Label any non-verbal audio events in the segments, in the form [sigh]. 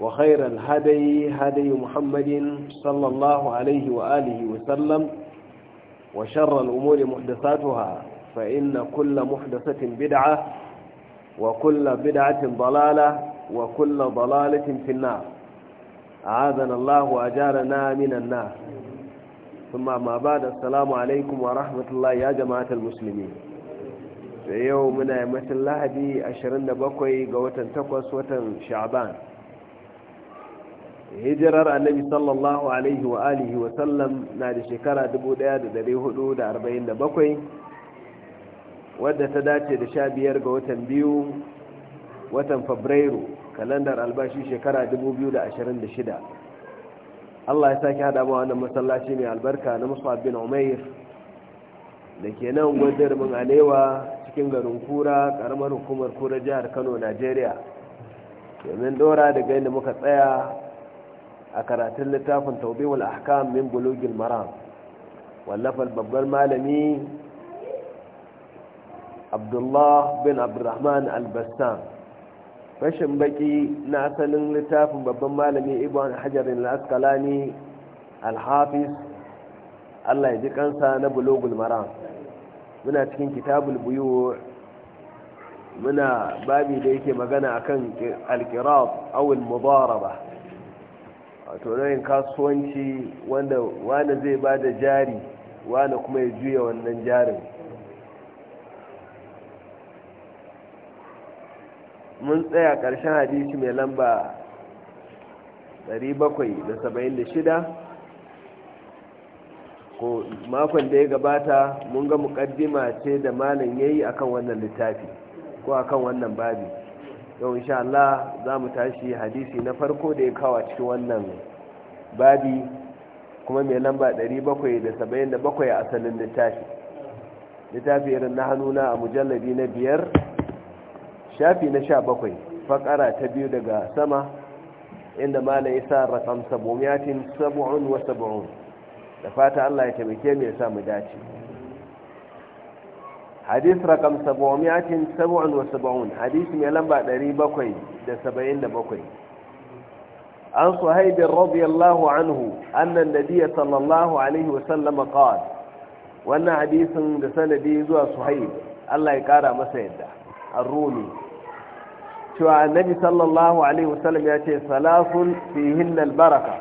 وخير الهدي هدي محمد صلى الله عليه وآله وسلم وشر الأمور محدثاتها فإن كل محدثة بدعة وكل بدعة ضلالة وكل ضلالة في النار أعاذنا الله وأجارنا من النار ثم ما بعد السلام عليكم ورحمة الله يا جماعة المسلمين في يومنا يمثل لهدي بكوي قوة تقوس وتن شعبان hijirar annabi sallallahu alaihi wa alihi wa sallam na da shekara 1447 wadda ta dace da sha biyar ga watan biyu watan fabrairu kalandar albashi shekara 2026 Allah ya sake hada mawa wannan masallaci mai albarka na musu bin umair da ke nan mun alewa cikin garin kura karamar hukumar kura jihar kano najeriya domin dora daga yadda muka tsaya a karatun littafin taubewar ahkam min bulugin maram wallafar babban malami abdullah bin abdurrahman albastan fashin baki na asalin littafin babban malami ibn hajarin al'askalani alhafiz allah ya ji kansa na bulugin maram muna cikin kitabul buyu muna babi da yake magana akan alkirat awul mubaraba wato nau'in kasuwanci wanda wani zai ba da jari wani kuma ya juya wannan jarin mun tsaya ƙarshen hadisi mai lamba 776 ko makon da ya gabata mun ga mukaddima ce da malam yayi akan wannan littafi ko akan wannan babi yau insha Allah za mu tashi hadisi na farko da ya kawo cikin wannan babi kuma mai lamba 777 a asalin littafi littafi irin na hannuna a mujallabi na biyar shafi na sha bakwai fakara ta biyu daga sama inda malam isa rakam sabomiyatin sabu'un sabon. da fata Allah ya taimake mu ya samu dace hadis rakam 777 hadis mai lamba 777 an suhaib radiyallahu anhu annan nabiyyi sallallahu alaihi wasallam qala wannan hadisin da sanadi zuwa suhaib Allah ya kara masa yadda ar-rumi cewa annabi sallallahu alaihi wasallam ya ce salasun fihinna al-baraka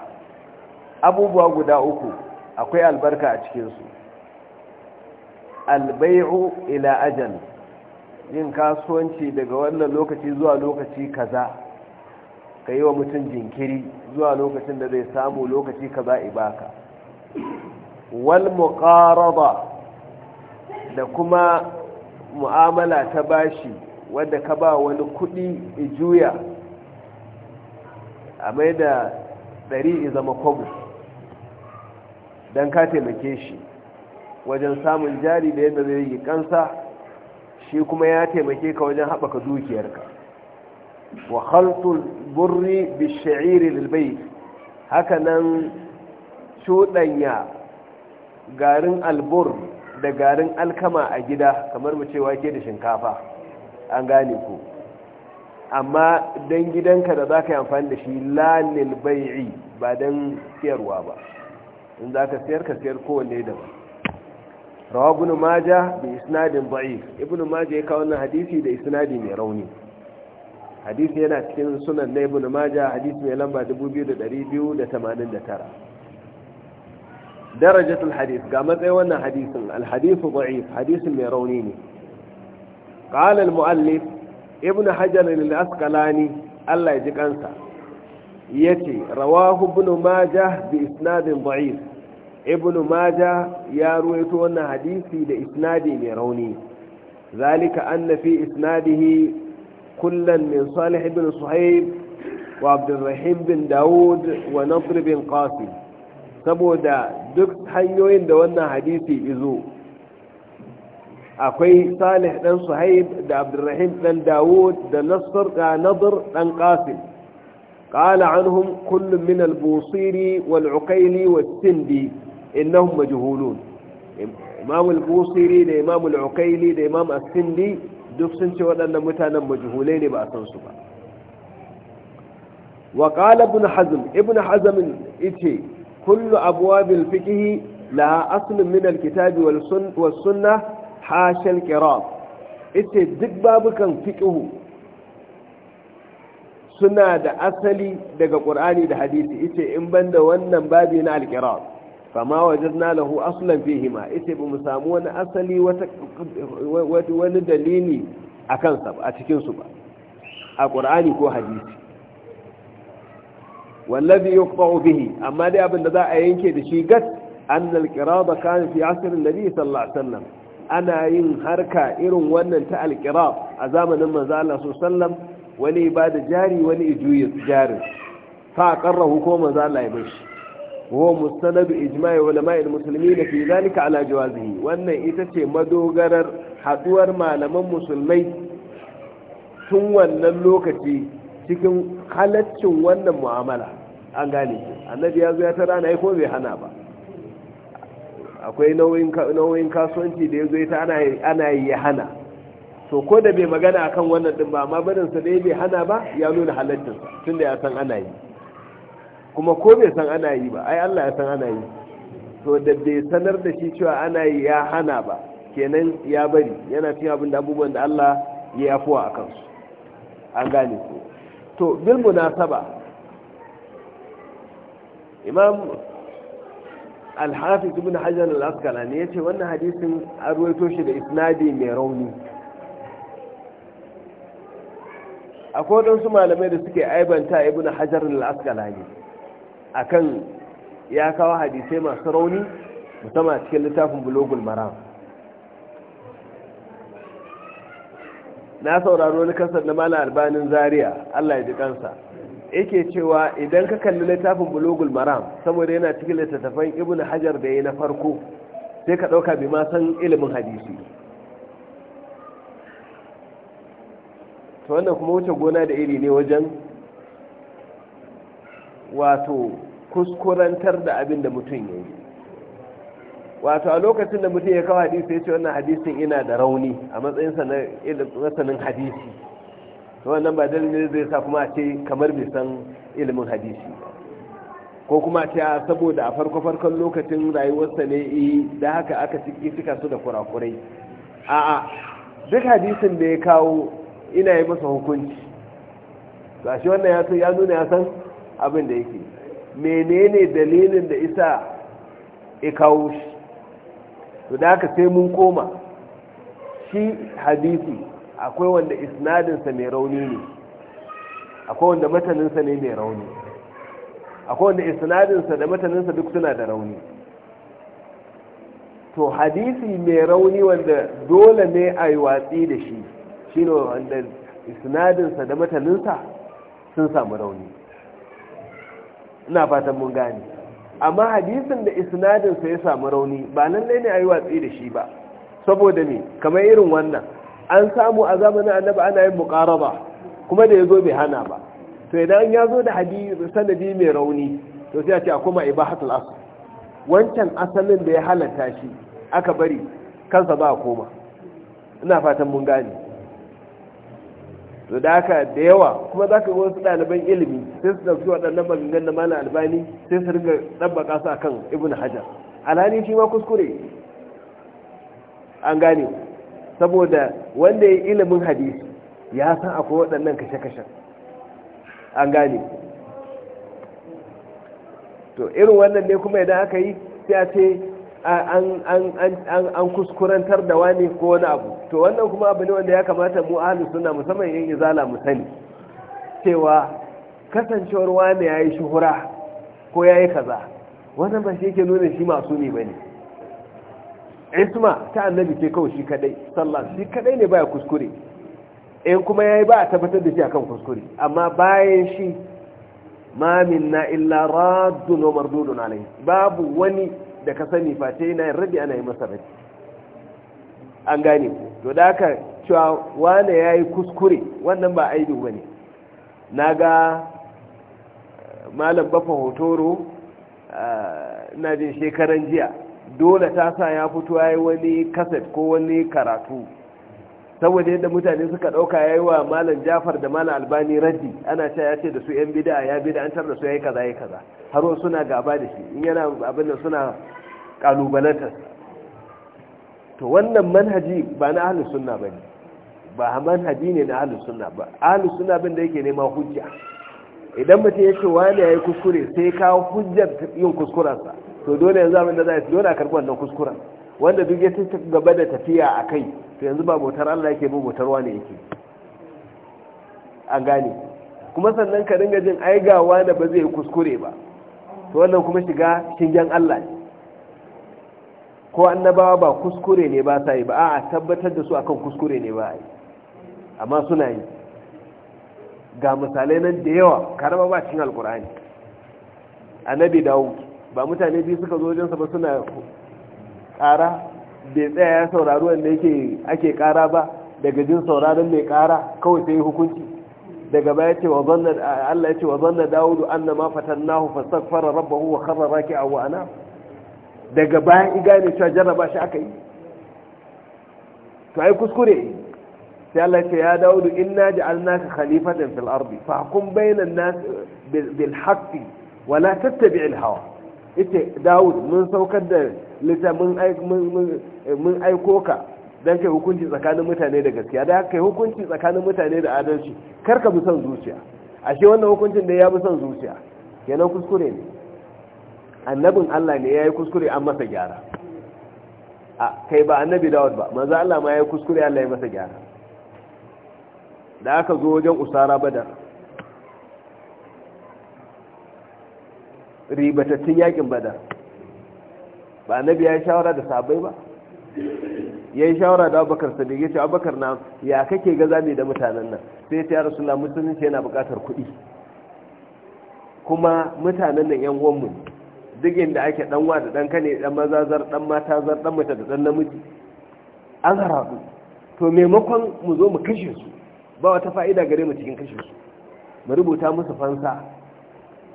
abubuwa guda uku akwai albarka a cikin su albai'u ila ajal yin kasuwanci daga wannan lokaci zuwa lokaci kaza ka yi wa mutum jinkiri zuwa lokacin da zai samu lokaci kaza ibaka wal muƙaraba da kuma mu'amala ta bashi wadda ka ba wani kudi ijuya a mai da ɗari zama kwabu. don ka taimake shi wajen samun jari da yadda zai yi kansa shi kuma ya taimake ka wajen haɓaka dukiyarka wa khaltul burri bi sha'iri lil bayt haka nan cuɗanya garin albur da garin alkama a gida kamar mu ce da shinkafa an gane ku amma don gidanka da za ka yi amfani da shi lanil bai'i ba don siyarwa ba in za ka siyar ka siyar kowanne ba. rawa ibn Maja bi isnadin ba'i ibn majah ya kawo wannan hadisi da isnadi mai rauni hadisi yana cikin sunan na ibn majah hadisi mai lamba 2289 darajatul hadis ga matsayi wannan hadisin alhadisu da'if hadisin mai rauni ne qala al-mu'allif ibn hajar al-asqalani Allah ya ji kansa yace rawahu ibn Maja bi isnadin da'if ibnu maja ya ruwaito wannan hadisi da isnadi mai rauni zalika anna fi isnadihi kullan min salih ibn suhaib wa abdurrahim bin daud wa nadr bin qasim saboda duk hanyoyin da wannan hadisi izo akwai salih dan suhaib da abdurrahim dan daud da nasr da nadr dan qasim قال عنهم كل من البوصيري والعقيلي والسندي innahum majhulun imam al-busiri da imam al-uqayli da imam as-sindi duk sun ce waɗannan mutanen majhulai ne ba a san su ba wa qala ibn hazm ibn hazm kullu abwabil fiqh la asl min al-kitab wal sunnah hasha al duk babukan fiqh suna da asali daga qur'ani da hadisi yace in banda wannan babi na al-qirat fama wajen na lahu asulan fihima ita ba mu samu wani asali wani dalili a kansa a cikinsu ba a ƙur'ani ko hadisi wallazi yuqta'u bihi amma dai abin da za a yanke da shi gat annal qirada kan fi da nabi sallallahu ana yin harka irin wannan ta alkira a zamanin manzo Allah sallallahu wani ibada jari wani ijuyir jarin fa qarrahu ko manzo ya bar shi wa mustanadu ijma'i ulama'il muslimin fi zalika ala jawazihi wannan ita ce madogarar haduwar malaman musulmai tun wannan lokaci cikin halaccin wannan mu'amala an gane shi. annabi ya zo ya tara na ko bai hana ba akwai nauyin kasuwanci da ya zo ita ana yi ya hana To ko da bai magana akan wannan din ba amma barinsa da ya bai hana ba ya nuna halaccin sa tunda ya san ana yi kuma ko bai san ana yi ba ai Allah ya san ana yi to da bai sanar da shi cewa ana yi ya hana ba kenan ya bari yana cin abin da abubuwan da Allah ya afuwa a kansu an gane ko to bil munasaba imam al-hafiz ibn hajar al-asqalani yace wannan hadisin an ruwaito shi da isnadi mai rauni akwai waɗansu malamai da suke aibanta ibn hajar al-asqalani akan ya kawo hadisai masu rauni musamman cikin littafin bulogul maram na sauraro wani kasar na mala albanin zaria allah ya ji kansa yake cewa idan ka kalli littafin bulogul maram saboda yana cikin littattafan ibn hajar da ya na farko sai ka ɗauka bi ma san ilimin hadisi ta wannan kuma wuce gona da iri ne wajen wato kuskurantar da abin da mutum ya yi wato a lokacin da mutum ya kawo hadisi ya ce wannan hadisin ina da rauni a matsayinsa na ilimin hadisi to wannan ba dalilin zai sa kuma a ce kamar bai san ilimin hadisi ko kuma ce a saboda a farko farkon lokacin rayuwarsa ne yi e, da haka aka ciki cika su da kurakurai a'a duk hadisin da ya kawo ina yi masa hukunci ba shi wannan ya nuna ya san abin da yake menene dalilin da isa ya kawo shi to da ka sai mun koma shi hadisi akwai wanda isnadinsa mai rauni ne akwai wanda mataninsa ne mai rauni akwai wanda isnadinsa da mataninsa duk suna da rauni to hadisi mai rauni wanda dole ne a yi watsi da shi shine wanda isnadinsa da mataninsa sun samu rauni ina fatan mun gane amma hadisin da isnadinsa ya samu rauni ba lallai ne a yi watsi da shi ba saboda me kamar irin wannan an samu a zamanin annabi ana yin muqaraba kuma da yazo bai hana ba to idan ya zo da hadisi sanadi mai rauni to sai a ce kuma ibahatul asl wancan asalin da ya halatta shi aka bari kansa ba koma ina fatan mun gane to da haka da yawa kuma zaka ga wasu ɗaliban ilimi sai su ɗauki waɗannan maganganun na malam albani sai su riga ɗabbaka su akan ibn hajar alhali shi ma kuskure an gane saboda wanda ya yi ilimin hadisi ya san akwai waɗannan kashe kashe an gane to irin wannan ne kuma idan aka yi sai a ce an kuskurantar da wani ko wani abu to wannan kuma abu ne wanda ya kamata mu ahalus suna musamman yin izala mu sani cewa kasancewar wani ya yi shuhura ko ya yi kaza wannan ba shi yake nuna shi masu ne ba ne isma ta annabi ke kawo shi kadai sallah shi kadai ne baya kuskure in kuma ya yi ba a tabbatar da shi akan kuskure amma bayan shi ma minna illa raddun wa mardudun alai babu wani da ka sani face yana yin rabi ana yi masa rabi an gane to da haka cewa wane ya yi kuskure wannan ba aibu ba ne na ga malam bafa hotoro na jin shekaran jiya dole ta sa ya fito ya yi wani kaset ko wani karatu saboda yadda mutane suka ɗauka ya yi wa malam jafar da malam albani raddi ana cewa ya ce da su yan bida ya bida an tar da su ya yi kaza ya kaza har suna gaba da shi in yana abin da suna kalubalantar to wannan manhaji ba na ahlus sunna ne. ba manhaji ne na ahlus sunna ba ahlus sunna bin da yake nema hujja idan mutum ya ce wani ya yi kuskure sai kawo hujjar yin kuskurensa to dole yanzu abin da za a yi dole a karɓi wannan kuskuren wanda duk ya ci gaba da tafiya a kai to yanzu ba bautar Allah yake ba bautar wani yake an gane kuma sannan ka dinga jin ai ga wani ba zai yi kuskure ba to wannan kuma shiga shingen Allah ne ko annabawa ba kuskure ne ba sa yi ba a tabbatar da su akan kuskure ne ba amma suna yi ga misalai nan da yawa karama ba cikin alkur'ani annabi dawo ba mutane biyu suka zo wajensa ba suna ƙara bai tsaya ya saurari wanda yake ake kara ba daga jin sauraron mai kara kawai sai hukunci daga baya ce wa zanna Allah ya ce wa zanna Dawudu annama fatannahu fastaghfara rabbahu wa kharra raki'a wa ana daga baya igane cewa jarraba shi aka yi to ai kuskure sai Allah ya ce ya daudu inna ja'alnaka khalifatan fil ardi fahkum bainan nas bil haqqi wa la tattabi'il hawa yace Dawud mun saukar da littafin mun aiko ka dan kai hukunci tsakanin mutane da gaskiya da kai hukunci tsakanin mutane da adalci kar ka bi son zuciya ashe wannan hukuncin da ya bi son zuciya kenan kuskure ne annabin Allah ne yayi kuskure an masa gyara a kai ba annabi Dawud ba manzo Allah ma yayi kuskure Allah ya masa gyara da aka zo wajen usara badar ribatattun yakin badar ba na ya yi shawara da sabai ba ya yi shawara da abubakar sadiq ya ce abubakar na ya kake gaza ne da mutanen nan sai ta yara suna musulunci yana bukatar kuɗi kuma mutanen nan yan uwanmu duk inda ake dan wa da dan kane dan mazazar dan mata zar dan mace da dan namiji an haradu to maimakon mu zo mu kashe su ba wata fa'ida gare mu cikin kashe su mu rubuta musu fansa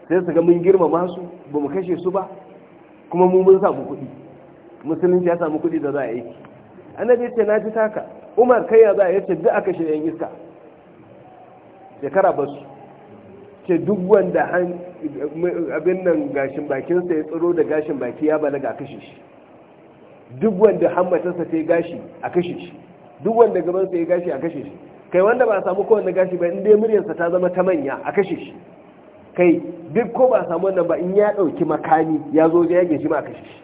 sai su ga mun girmama su ba mu kashe su ba kuma mu mun samu kuɗi musulunci ya samu kuɗi da za a yi annabi ce na ji taka umar kai ya za a yace duk aka shirya iska shekara ba su ce duk wanda abin nan gashin bakinsa ya tsoro da gashin baki ya balaga a kashe shi duk wanda hammatarsa ta yi gashi a kashe shi duk wanda gabansa ya gashi a kashe shi kai wanda ba a samu kowanne gashi ba in dai muryarsa ta zama ta manya a kashe shi kai duk ko ba a samu wannan ba in ya ɗauki makami ya zo ya yage shi ma a kashe shi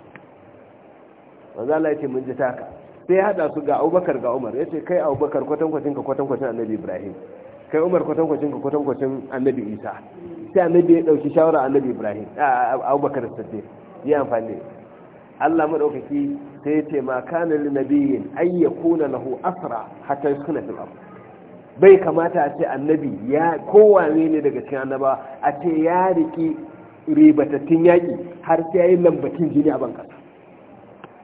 wanzu Allah ya ce mun ji taka sai hada su ga Abubakar ga Umar yace kai Abubakar kwatankwacin ka kwatankwacin Annabi Ibrahim kai Umar kwatankwacin ka kwatankwacin Annabi Isa sai Annabi ya dauki shawara Annabi Ibrahim Abubakar Siddiq ya amfani Allah madaukaki sai ya ce ma kana lin nabiyyin ayyakuna na lahu asra hatta yuskuna fil ardh bai kamata a ce annabi ya kowane ne daga cikin annaba a ce ya riki ribatattun yaƙi har sai ya yi lambatin jini a bankasa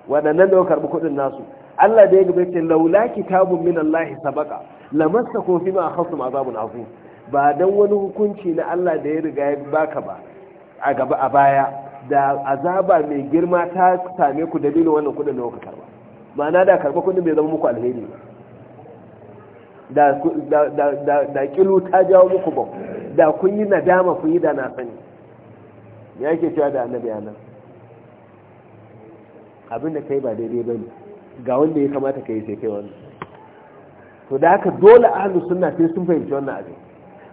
waɗannan da karɓi kuɗin nasu Allah da ya gaba ce laula kitabun min Allah sabaka lamasta ko fi ma hasu zabun azim ba dan wani hukunci na Allah da ya riga ya baka ba a gaba a baya da azaba mai girma ta same ku dalilin wannan kuɗin da kuka karba ma'ana da karɓa kuɗin bai zama muku alheri ba da da kilu ta jawo muku ba da kun yi nadama ku yi da na sani ya ke cewa da annabi anan abinda kai ba daidai bane ga wanda ya kamata ka yi sai kai wani to da haka dole ahalu suna sai sun fahimci wannan abin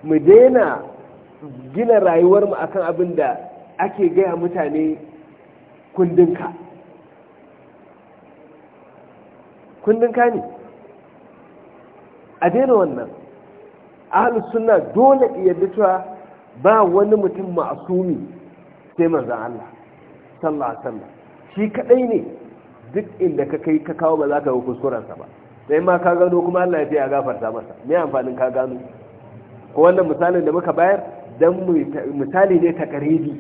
mu daina gina rayuwar mu akan abin da ake gaya mutane kundinka kundinka ne a daina wannan ahalus suna dole yadda cewa ba wani mutum ma'asumi sai manzan Allah sallallahu sallah. shi kadai ne duk inda ka kai ka kawo ba za ka ga kuskurensa ba sai ma ka gano kuma Allah ya ce ya gafarta masa mai amfanin ka gano ko wannan misalin da muka bayar don misali ne ta karibi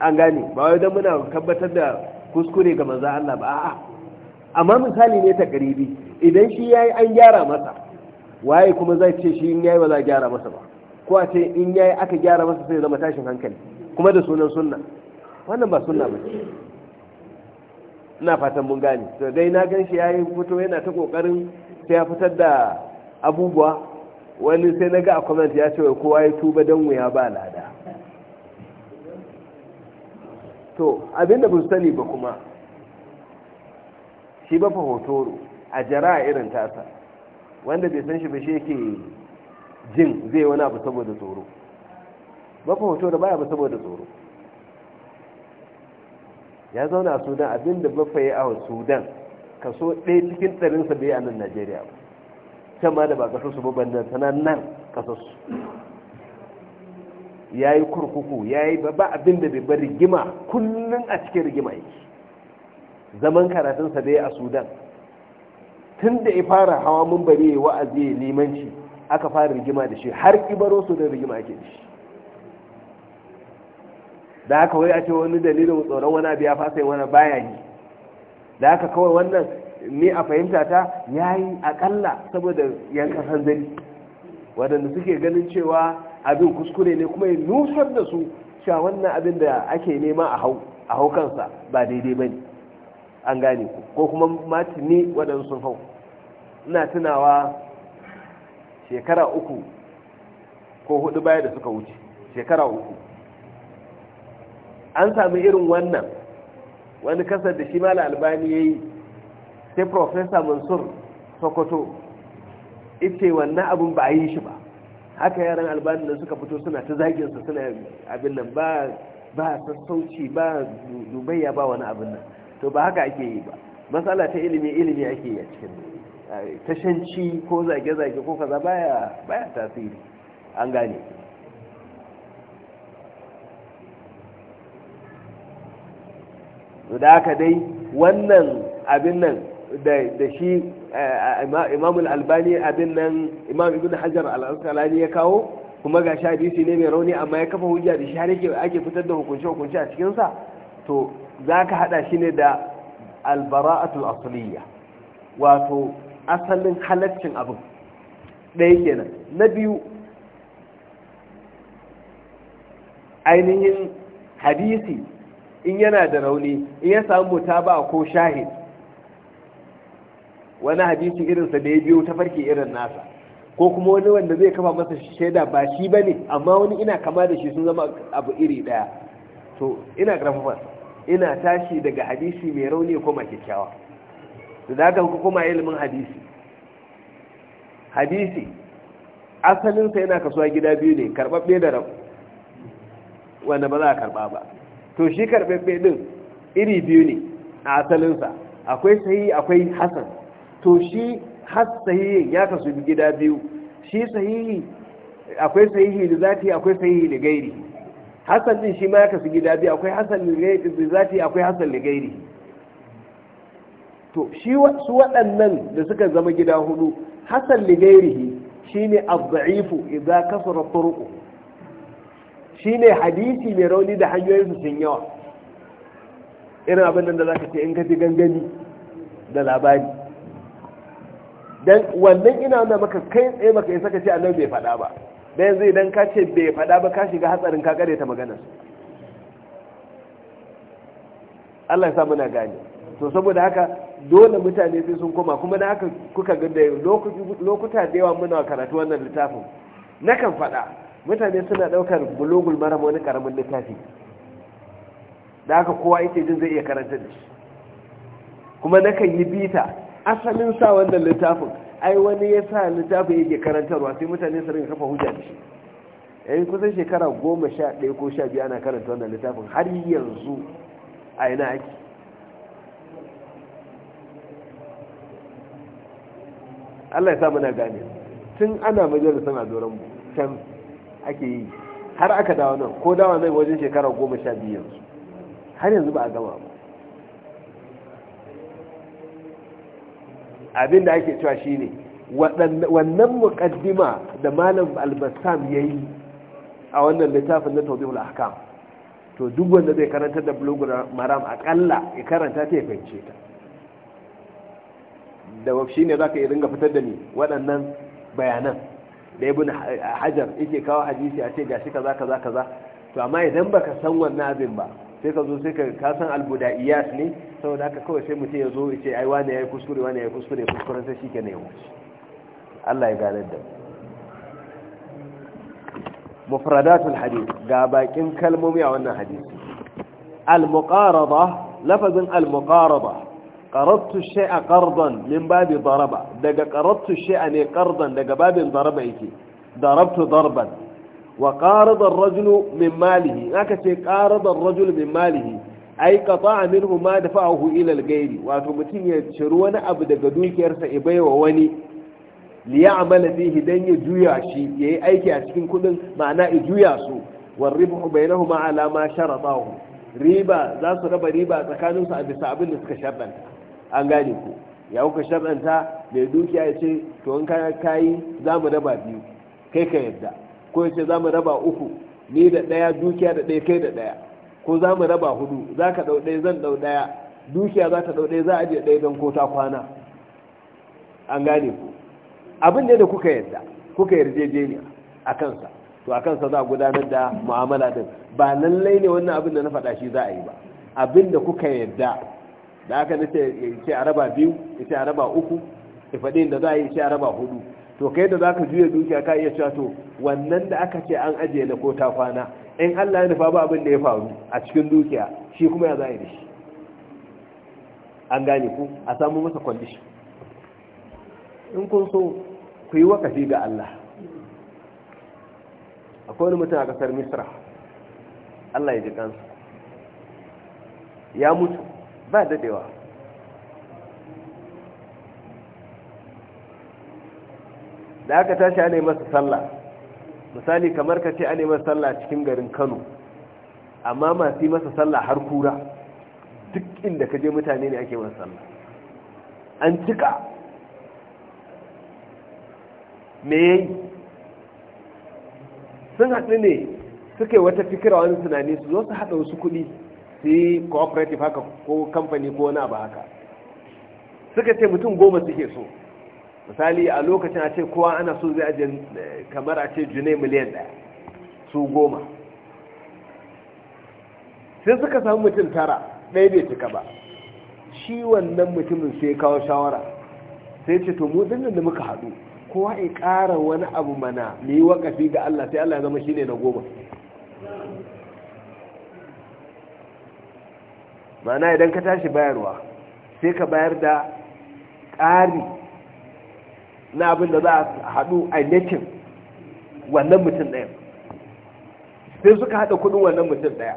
an gane ba wai don muna tabbatar da kuskure ga manzan Allah ba a'a amma misali ne ta karibi idan shi yi an gyara masa waye kuma zai ce shi in yayi ba za a gyara masa ba ko a ce in yayi aka gyara masa sai zama tashin hankali kuma da sunan sunna wannan ba sunna ba ina fatan mun gane to dai na gan shi yayi fito yana ta kokarin sai ya fitar da abubuwa wani sai na ga a comment ya ce kowa ya tuba dan wuya ba lada to abinda bin sani ba kuma shi ba fa hotoro a jara irin tasa wanda bai san shi ba shi yake jin zai wani abu saboda tsoro ba ku hoto da baya ba saboda tsoro ya zauna a sudan abinda bafa yi a sudan kaso ɗaya cikin ɗarinsa bai a nan najeriya ba can ma da ba kaso su babban nan tana nan kaso ya yi kurkuku ya yi ba abinda bai bar rigima kullum a cikin rigima yake zaman karatunsa bai a sudan tun da ya fara hawa mun bari ya wa'azi ya limanci aka fara rigima da shi har ibaro su da rigima ake da shi da haka wai a ce wani dalilin tsoron wani abu ya fasa wani baya yi da haka kawai wannan ni a fahimta ta ya yi akalla saboda yankan hanzari waɗanda suke ganin cewa abin kuskure ne kuma ya nusar da su cewa wannan abin da ake nema a hau kansa ba daidai ba ne an gane ko kuma matini waɗansu sun hau ina tunawa shekara uku ko hudu baya da suka wuce shekara uku an sami irin wannan wani kasar da shi mala albani ya yi sai profesa mansur sokoto ita wannan abin ba a yi shi ba haka yaran albani da suka fito suna ta zaginsa suna abin nan ba ba sassauci ba dubayya ba wani abin nan to ba haka ake yi ba matsala ta ilimi ilimi ake yi a cikin tashanci ko zage-zage ko kaza baya tasiri an gane da aka dai wannan abin nan da shi eh, imamul albani abin nan imam ibn hajar al ya kawo kuma ga hadisi ne mai rauni amma ya kafa hujja da shi har yake ake fitar da hukunce hukunce a cikinsa. To za ka hada shi ne da albara'atul asliya wato asalin halaccin abin ɗaya kenan na biyu ainihin hadisi in yana da rauni in ya samu ba ko shahid wani hadisi irinsa da ya biyo ta farke irin nasa ko kuma wani wanda zai kafa masa shaida ba shi ba ne amma wani ina kama da shi sun zama abu iri ɗaya to ina ƙarfafa ina tashi daga hadisi mai rauni ko mai kyakkyawa to da haka kuma ilimin hadisi hadisi asalinsa yana kasuwa gida biyu ne karɓaɓɓe da rabu wanda ba za a karɓa ba to shi karɓaɓɓe ɗin iri biyu ne a asalinsa akwai sahi akwai hasan to shi has sahihin ya kasu gida biyu shi sahihi akwai sahihi da zati akwai sahihi da gairi hasan din shi ma ya kasu gida biyu akwai hasan da zati akwai hasan da gairi to shi su waɗannan da suka zama gida hudu hasan ligairihi shine az-za'ifu idza kasara turuqu shine hadisi mai rauni da hanyoyin su sun yawa irin abin da zaka ce in ka ji gangani da labari dan wannan ina nuna maka kai tsaye maka isa ka ce annabi bai faɗa ba da yanzu idan ka ce bai faɗa ba ka shiga hatsarin ka kare ta maganar Allah ya sa muna gane to saboda haka dole mutane sai sun koma kuma na haka kuka ga da lokuta da yawa muna karatu wannan littafin Na kan faɗa mutane suna ɗaukar bulogul marama wani karamin littafi da haka kowa yake jin zai iya karanta da shi kuma na kan yi bita asalin sa wannan littafin ai wani ya sa littafin yake karantarwa sai mutane su rinka kafa hujja da shi yan kusan shekara goma sha ɗaya ko sha biyu ana karanta wannan littafin har yanzu a ina ake Allah ya sa muna gane tun ana majalisar a doron can ake yi har aka dawo nan ko dawa nan wajen shekara goma sha biyu yanzu har yanzu ba a gama ba abin da ake cewa shine wannan mukaddima da malam albassam ya yi a wannan littafin na taubihul ahkam to duk wanda zai karanta da blogger maram akalla ya karanta ta ya fahimce ta da shi ne za ka yi ringa fitar da ni waɗannan bayanan da ibn hajar yake kawo hadisi a ce gashi kaza kaza kaza to amma idan baka san wannan abin ba sai ka zo sai ka ka san albudaiyat ne saboda haka kawai sai mutum ya zo ya ce ai wani yi kuskure wani yi kuskure kuskuren sai shike ne wuce Allah ya ganar da mufradatul hadith ga bakin kalmomi a wannan hadisi al-muqarada lafazin al-muqarada qarattu shay'a qardan min babi daraba daga qarattu shay'a ne qardan daga babin daraba yake darabtu darban wa qarada ar-rajulu min malihi aka ce qarada ar-rajulu min malihi ai qata'a minhu ma dafa'ahu ila al-ghayri wato mutum ya ciri wani abu daga dukiyarsa ya baiwa wani liya'mala fihi dan ya juya shi yayi aiki a cikin kuɗin, ma'ana ya juya su والربح بينهما على ما شرطاه ريبا ذا سرب ريبا تكانوا سأبسا أبن سكشبن an gane ku ya kuka shar'anta mai dukiya ya ce to in kana kayi za mu raba biyu kai ka yadda ko ya ce za mu raba uku ni da ɗaya dukiya da ɗaya kai da ɗaya ko za mu raba hudu za ka ɗau ɗaya zan ɗau ɗaya dukiya za ta ɗau ɗaya za a je ɗaya don ko ta kwana an gane ku abin ne da kuka yadda kuka yarjejeniya a kansa to a kansa za a gudanar da mu'amala din ba lallai ne wannan abin da na faɗa shi za a yi ba abin da kuka yadda da aka nace a raba biyu ce a raba uku ifadin da za a yi ce a raba hudu to kai da za ka juya dukiya ka iya cewa to wannan da aka ce an ajiye na ko ta kwana in Allah ya nufa ba abin da ya faru a cikin dukiya shi kuma ya za a yi da shi an gane ku a samu masa condition in kun so ku yi wakafi ga Allah akwai wani mutum a kasar misra Allah ya ji kansa ya mutu ba dadewa da aka tashi ana yi masa sallah misali kamar ka ce ana yi masa sallah cikin garin kano amma masu yi masa sallah har kura duk inda ka je mutane ne ake masa sallah an cika me yayi sun haɗu ne suka yi wata fikira wani tunani su zo su haɗa wasu kuɗi su yi cooperative haka ko kamfani ko wani abu haka suka ce mutum goma suke so misali a lokacin a ce kowa ana so zai ajiye eh, kamar a ce june miliyan daya su goma sai suka samu mutum tara ɗaya bai cika ba shi wannan mutumin sai kawo shawara sai ce to mu dinnan da muka haɗu kowa ya ƙara wani abu mana mai yi wakafi ga Allah sai Allah ya zama shine na goma ma'ana idan ka tashi bayarwa sai ka bayar da ƙari na abin da za a haɗu a nekin wannan mutum ɗaya sai suka haɗa kudin wannan mutum ɗaya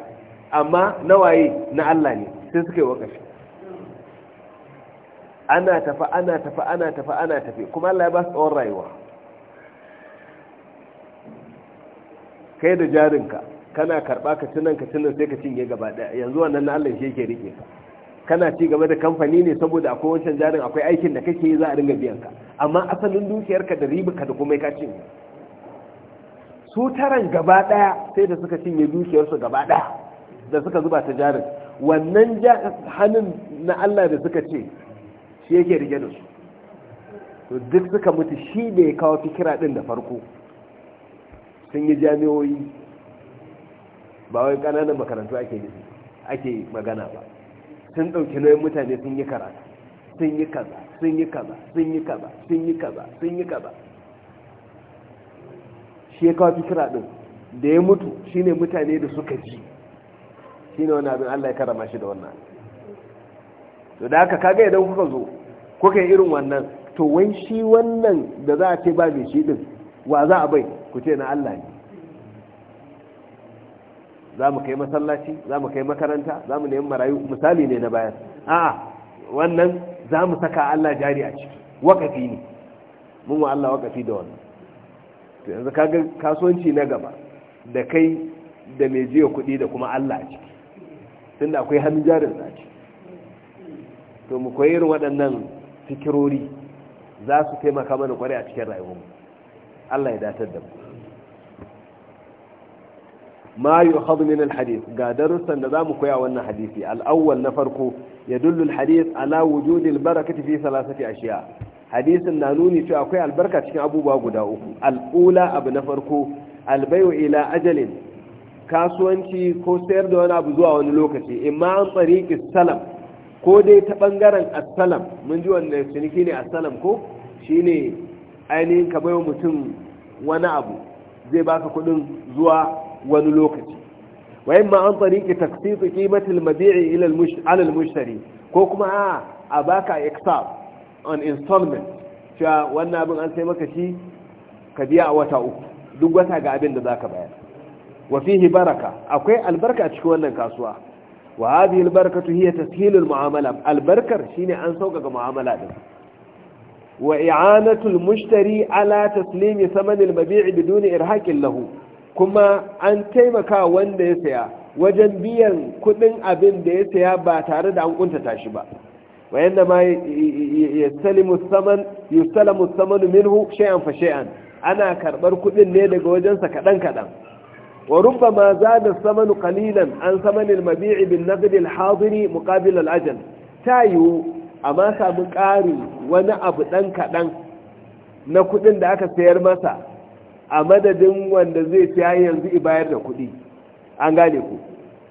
amma nawaye na Allah ne sai suka yi wakashi ana tafi ana tafi ana tafi ana tafi kuma Allah ya ba su tsawon rayuwa kai da jarinka kana karba ka tunan ka tunan sai ka cinye gaba daya yanzu wannan na Allah shi yake rike ka kana ci gaba da kamfani ne saboda akwai wancan jarin akwai aikin da kake yi za a ringa biyan ka amma asalin dukiyarka da ribarka da komai ka cinye su taran gaba daya sai da suka cinye dukiyar su gaba daya da suka zuba ta jarin wannan hannun na Allah da suka ce shi yake rike da su to duk suka mutu shi da ya kawo fikira din da farko sun yi jami'oyi ba wai kananan makarantu ake ake magana ba sun ɗauki nayin mutane sun yi karatu sun yi kaza sun yi kaza sun yi kaza sun yi kaza sun yi kaza shi ya kawo kira ɗin da ya mutu shine mutane da suka ji shine wani abin Allah ya karama shi da wannan to da haka kaga idan kuka zo kuka yi irin wannan to wai shi wannan da za a ce ba mai shi din wa za a bai ku ce na Allah ne za mu kai masallaci za mu kai makaranta za mu nemi marayu misali ne na bayan a'a wannan za mu saka Allah jari a ciki wakafi ne mun wa Allah wakafi da wannan to yanzu kaga kasuwanci na gaba da kai da mai jiya kuɗi da kuma Allah a ciki tunda akwai hannun jarin a ciki to mu koyi irin waɗannan fikirori za su taimaka mana kwarai a cikin rayuwarmu Allah ya datar da mu ما يؤخذ من الحديث قادر سندام كويا ون حديثي الأول نفرق يدل الحديث على وجود البركة في ثلاثة أشياء حديث النانوني في أكويا البركة في أبو باقو داوكو الأولى أب نفرق البيع إلى أجل kasuwanci ko sayar da wani abu zuwa wani lokaci imma an tsariki salam ko dai ta bangaren assalam mun ji wanda ciniki ne assalam ko shine ainihin ka wa mutum wani abu zai baka kuɗin zuwa wani lokaci wa imma an tariqi taqsit qimati al-mabi'i ila al-mushtari ko kuma a baka iksab on installment cewa wannan abin an sai maka shi ka biya a wata uku duk wata ga abin da ka bayar wa fihi baraka akwai albarka cikin wannan kasuwa wa hadhihi albarakatu hiya tashil mu'amala? albarkar shine an saukaka mu'amala din wa i'anatu almushtari ala taslimi thaman almabi' bidun irhaqin lahu kuma an taimaka wanda ya saya wajen biyan kudin abin da ya saya ba tare da an kuntata shi ba wayan da ma salamu samanu minhu shay'an fa shay'an ana karbar kudin ne daga wajen sa kadan kadan wa rubbama zada samanu qalilan an samanil mabi'i bin naqd al hadiri muqabil al ajal tayu amma sabu ƙari wani abu dan kadan na kudin da aka sayar masa a madadin wanda zai ta yanzu i bayar da kuɗi an gane ku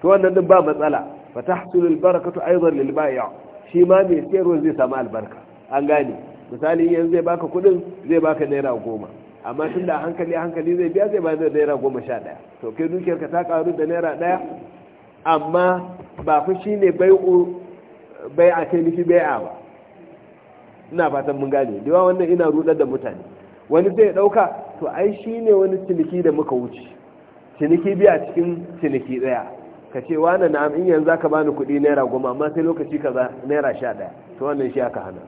to wannan din ba matsala fa tahsul al barakatu aidan lil bai'a shi ma mai sayarwa zai samu albarka an gane misali yanzu zai baka kuɗin zai baka naira goma amma tun da hankali hankali zai biya zai ba da naira goma sha ɗaya to kai ka ta karu da naira ɗaya amma ba fa shi ne bai a kai nufi bai a ba ina fatan mun gane da wannan ina rudar da mutane wani zai ɗauka to ai shi ne wani ciniki da muka wuce ciniki biya cikin ciniki ɗaya ka ce wane na in yanzu aka bani kuɗi naira goma amma sai lokaci kaza naira sha ɗaya to wannan shi aka hana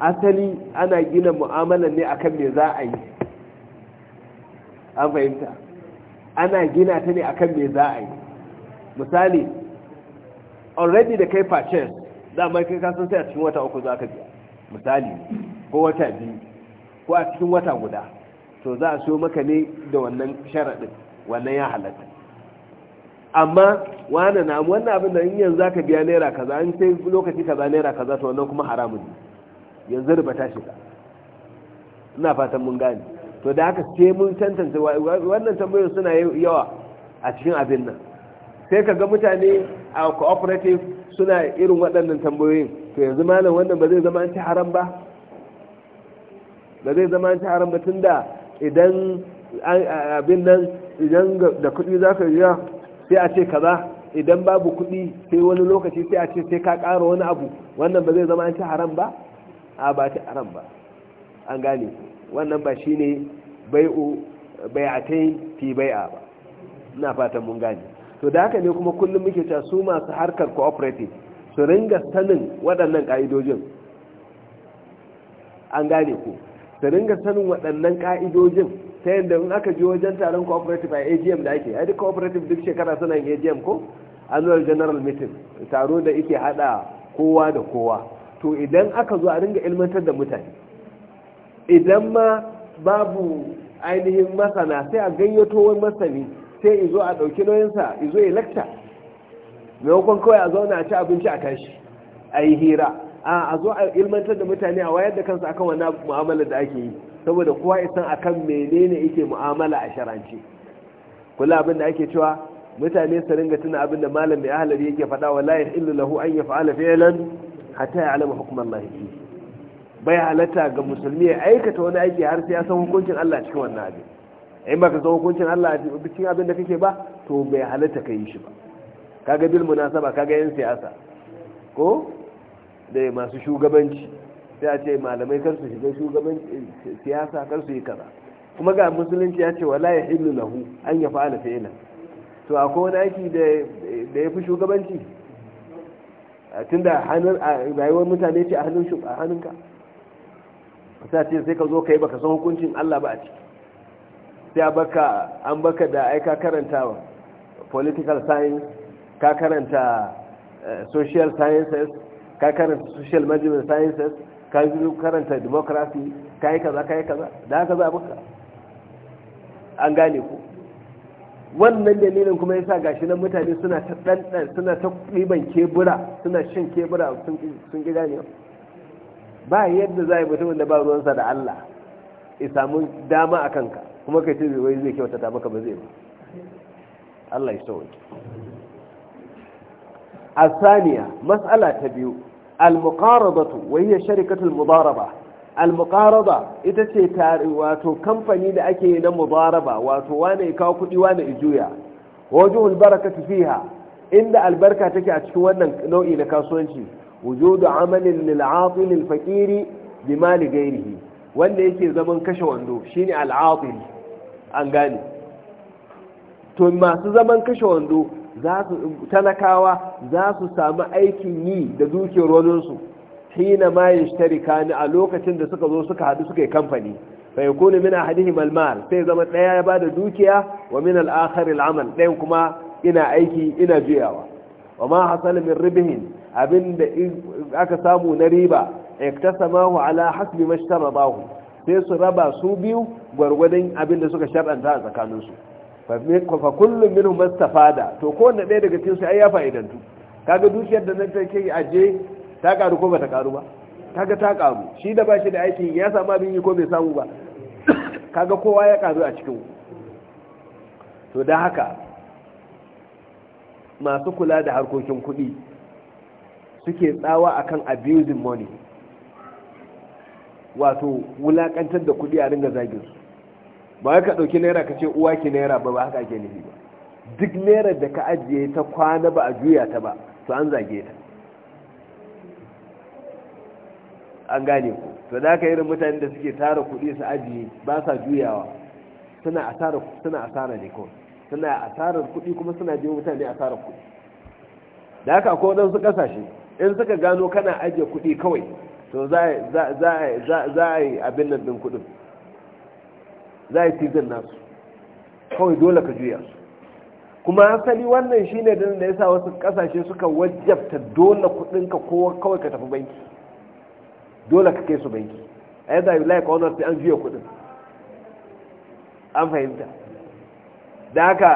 asali ana gina mu'amalar ne akan me za a yi an fahimta ana gina ta ne akan me za a yi misali already da kai za a kai kasan sai a cikin wata uku za ka biya misali ko wata biyu ko a cikin wata guda to za a so maka ne da wannan sharaɗin wannan ya halatta amma wane na wannan abin da in yanzu za ka biya naira kaza in sai lokaci kaza naira kaza to wannan kuma haramun ne yanzu riba ta shiga ina fatan mun gane to da haka sai mun tantance wannan tambayoyin suna yawa a cikin abin nan sai ka ga mutane a cooperative suna irin waɗannan tambayoyin to yanzu malam wannan ba zai zama an ci haram ba ba zai zama an ci haram ba tun da idan abin nan idan da kudi za ka biya sai a ce kaza idan babu kudi sai wani lokaci sai a ce sai ka ƙara wani abu wannan ba zai zama an ci haram ba a ba ci haram ba an gane wannan ba shi ne bai'u ta fi bai'a ba ina fatan mun gane to da haka ne kuma kullum muke ta su masu harkar cooperative su ringa sanin waɗannan ƙa'idojin an gane ku ta ringa sanin waɗannan ka'idojin ta yadda in aka ji wajen taron cooperative a agm da ake ai cooperative duk shekara suna yin agm ko annual general meeting taro da ike hada kowa da kowa to idan aka zo a ringa ilmantar da mutane idan ma babu ainihin masana sai a gayyato wani masani sai izo a ɗauki nauyinsa izo ya lakta maimakon kawai a zauna a ci abinci a tashi a yi hira a zo a ilmantar da mutane a wayar da kansu akan wannan mu'amala da ake yi saboda kowa isan akan menene yake mu'amala a sharance kula abin da ake cewa mutane su ringa tuna abin da malam mai ahalari yake faɗa wa la illa lahu an yaf'ala fi'lan hatta ya'lama hukm Allah fi bai halatta ga musulmi ya aikata wani aiki har sai ya san hukuncin Allah cikin wannan abin in baka san hukuncin Allah a cikin abin da kake ba to bai halatta ka yi shi ba kaga bil munasaba kaga yin siyasa ko da masu shugabanci sai a ce malamai kar su shiga shugabanci siyasa kar su yi kaza kuma ga musulunci ya ce wala ya hillu lahu an ya fa'ala fa'ila to akwai wani aiki da ya fi shugabanci tunda hannun rayuwar mutane ce a hannun shugaba a hannunka sai ce sai ka zo kai baka san hukuncin Allah ba a ciki sai baka an baka da aika karantawa political science ka karanta eh, social sciences ka karanta social management sciences ka yi karanta democracy ka yi kaza ka yi kaza da haka za muka an gane ku wannan dalilin kuma yasa gashi nan mutane suna ta ɗanɗan suna ta ɗiban kebura suna shan kebura sun ƙi gane ba yadda za a yi mutumin da ba ruwansa da Allah ya samu dama a kanka kuma kai ce wai zai kyautata maka ba zai ba Allah ya sauke a saniya matsala ta biyu al-muqaradatu wa hiya sharikatu ita ce wato kamfani da ake yi na mudaraba wato wane ya kawo kudi wane ya juya wajuhul barakatu fiha inda albarka take a cikin wannan nau'i na kasuwanci wujudu amalin lil atil al fakiri bi mali wanda yake zaman kashe wando shine al an gane to masu zaman kashe wando za su talakawa za su sami aikin yi da dukiyar waninsu hina ma yashtarika ni a lokacin da suka zo suka haɗu suka yi kamfani fa yakunu min ahadihim almal sai zama ɗaya ya da dukiya wa min al-akhar al-amal kuma ina aiki ina juyawa wa ma hasala min ribihin abinda aka samu na riba iktasamahu ala hasbi mashtarabahu sai su raba su biyu gwargwadon abinda suka shar'anta a tsakaninsu fa kullum minhum mastafada to kowanne ɗaya daga cikin su ai ya fa'idantu kaga dukiyar da nan take aje ta karu ko bata karu ba kaga ta karu shi da bashi da aikin ya samu abin yi ko bai samu ba [coughs] kaga kowa ya karu a cikin to da haka masu kula da harkokin kuɗi suke tsawa akan abusing money wato wulakantar da kuɗi a ringa zagin su ba ka ɗauki naira ka ce uwa ki naira ba ba haka ake nufi ba duk naira da ka ajiye ta kwana ba a juya ta ba to an zage ta an gane ku to da ka irin mutanen da suke tara kuɗi su ajiye ba sa juyawa suna asara suna asara ne ko suna asarar kuɗi kuma suna biyo mutane asarar kuɗi da ko akwai su kasashe in suka gano kana ajiye kuɗi kawai to za a yi abin nan ɗin kuɗin za a yi season nasu kawai dole ka juya su kuma asali wannan shi ne da da sa wasu kasashe suka wajabta dole kudinka ko kawai ka tafi banki dole ka kai su banki a yadda yi laika honor sai an juya kudin an fahimta da haka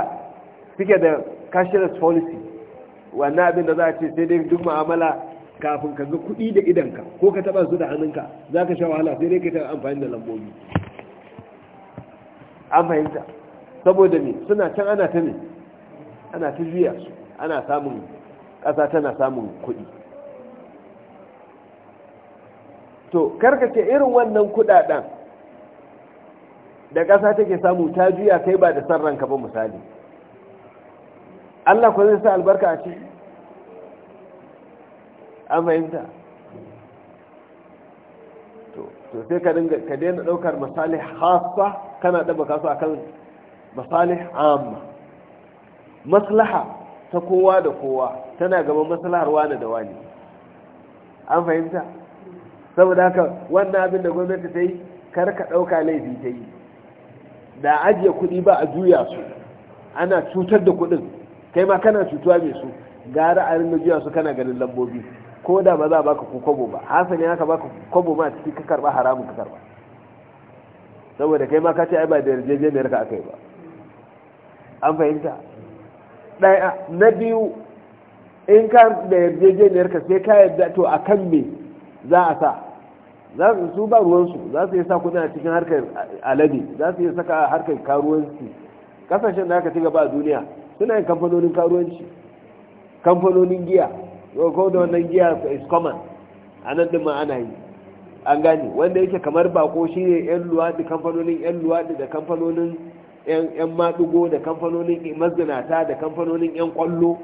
suke da cashless policy wannan abin da za a ce sai dai duk ma'amala kafin ka ga kuɗi da idanka ko ka taba su da hannunka za ka sha wahala sai dai ka ta amfani da lambobi an fahimta saboda me suna can ana ta ne ana ta juya su ana samun ƙasa tana samun kuɗi to karkace irin wannan kuɗaɗen da ƙasa take samu ta juya kai ba da san ranka ba misali Allah ku zai sa albarka a ciki an fahimta to sai ka dinga ka daina ɗaukar misali hasa kana ɗabaka su akan masalih amma maslaha ta kowa da kowa tana gaba maslahar wani da wani an fahimta saboda haka wannan abin da gwamnati ta yi kar ka ɗauka laifi ta yi da ajiye kuɗi ba a juya su ana cutar da kuɗin kai ma kana cutuwa mai su gara a rinna juya su kana ganin lambobi ko da ba za a baka kwabo ba hasali haka baka kwabo ma ciki ka karba haramun ka karba saboda kai ma ka ce ai ba da yarjejeniyar ka akai ba an fahimta ɗaya na biyu in ka da yarjejeniyar ka sai ka yarda to a kan me za a sa za su su ba ruwansu za su yi sa kudin a cikin harkar alade za su yi saka harkar karuwanci kasashen da aka ci gaba a duniya suna yin kamfanonin karuwanci kamfanonin giya ko da wannan giya is common a nan ɗin ma ana yi an gane wanda yake kamar bako shi ne 'yan luwaɗi kamfanonin 'yan luwaɗi da kamfanonin 'yan maɗugo da kamfanonin mazinata da kamfanonin 'yan ƙwallo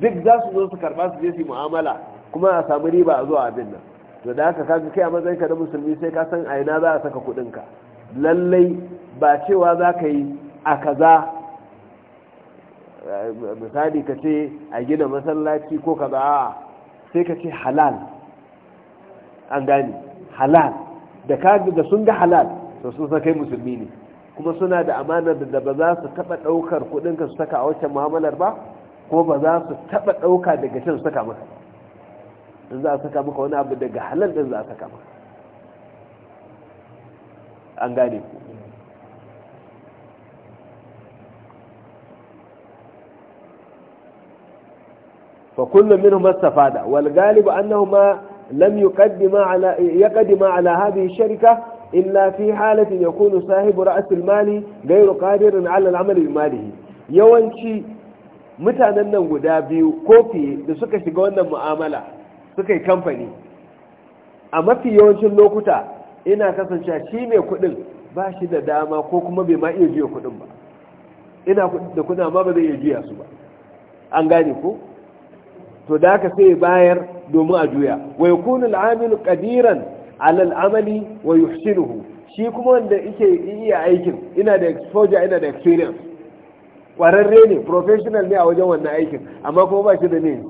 duk za su zo su karɓa su je su mu'amala kuma a samu riba a zuwa abin nan to da haka kaga kai a matsayin ka na musulmi sai ka san a ina za a saka kuɗin ka lallai ba cewa za ka yi a kaza misali ka ce a gina masallaci ko kaza sai ka ce halal an gane halal da kaga da sun ga halal to sun sa kai musulmi ne kuma suna da amanar da ba za su taba daukar kudin ka su saka a wacce mu'amalar ba ko ba za su taba dauka daga cin su saka maka in za a saka maka wani abu daga halal din za a saka maka an gane ku Fa minhum منهما wal والغالب Annahuma. لم يقدم على يقدم على هذه الشركة إلا في حالة يكون صاحب رأس المال غير قادر yawanci mutanen nan guda biyu ko fiye da suka shiga wannan mu'amala suka yi kamfani a mafi yawancin lokuta ina kasancewa shi mai kudin ba shi da dama ko kuma bai ma iya juya kudin ba ina da kudin amma ba zai iya juya su ba an gane ko to da aka sai bayar domin a juya wa ya al-amil qadiran ala amali wa yuhsinuhu shi kuma wanda yake iya aikin ina da exposure ina da experience kwararre ne professional ne a wajen wannan aikin amma kuma ba shi da ne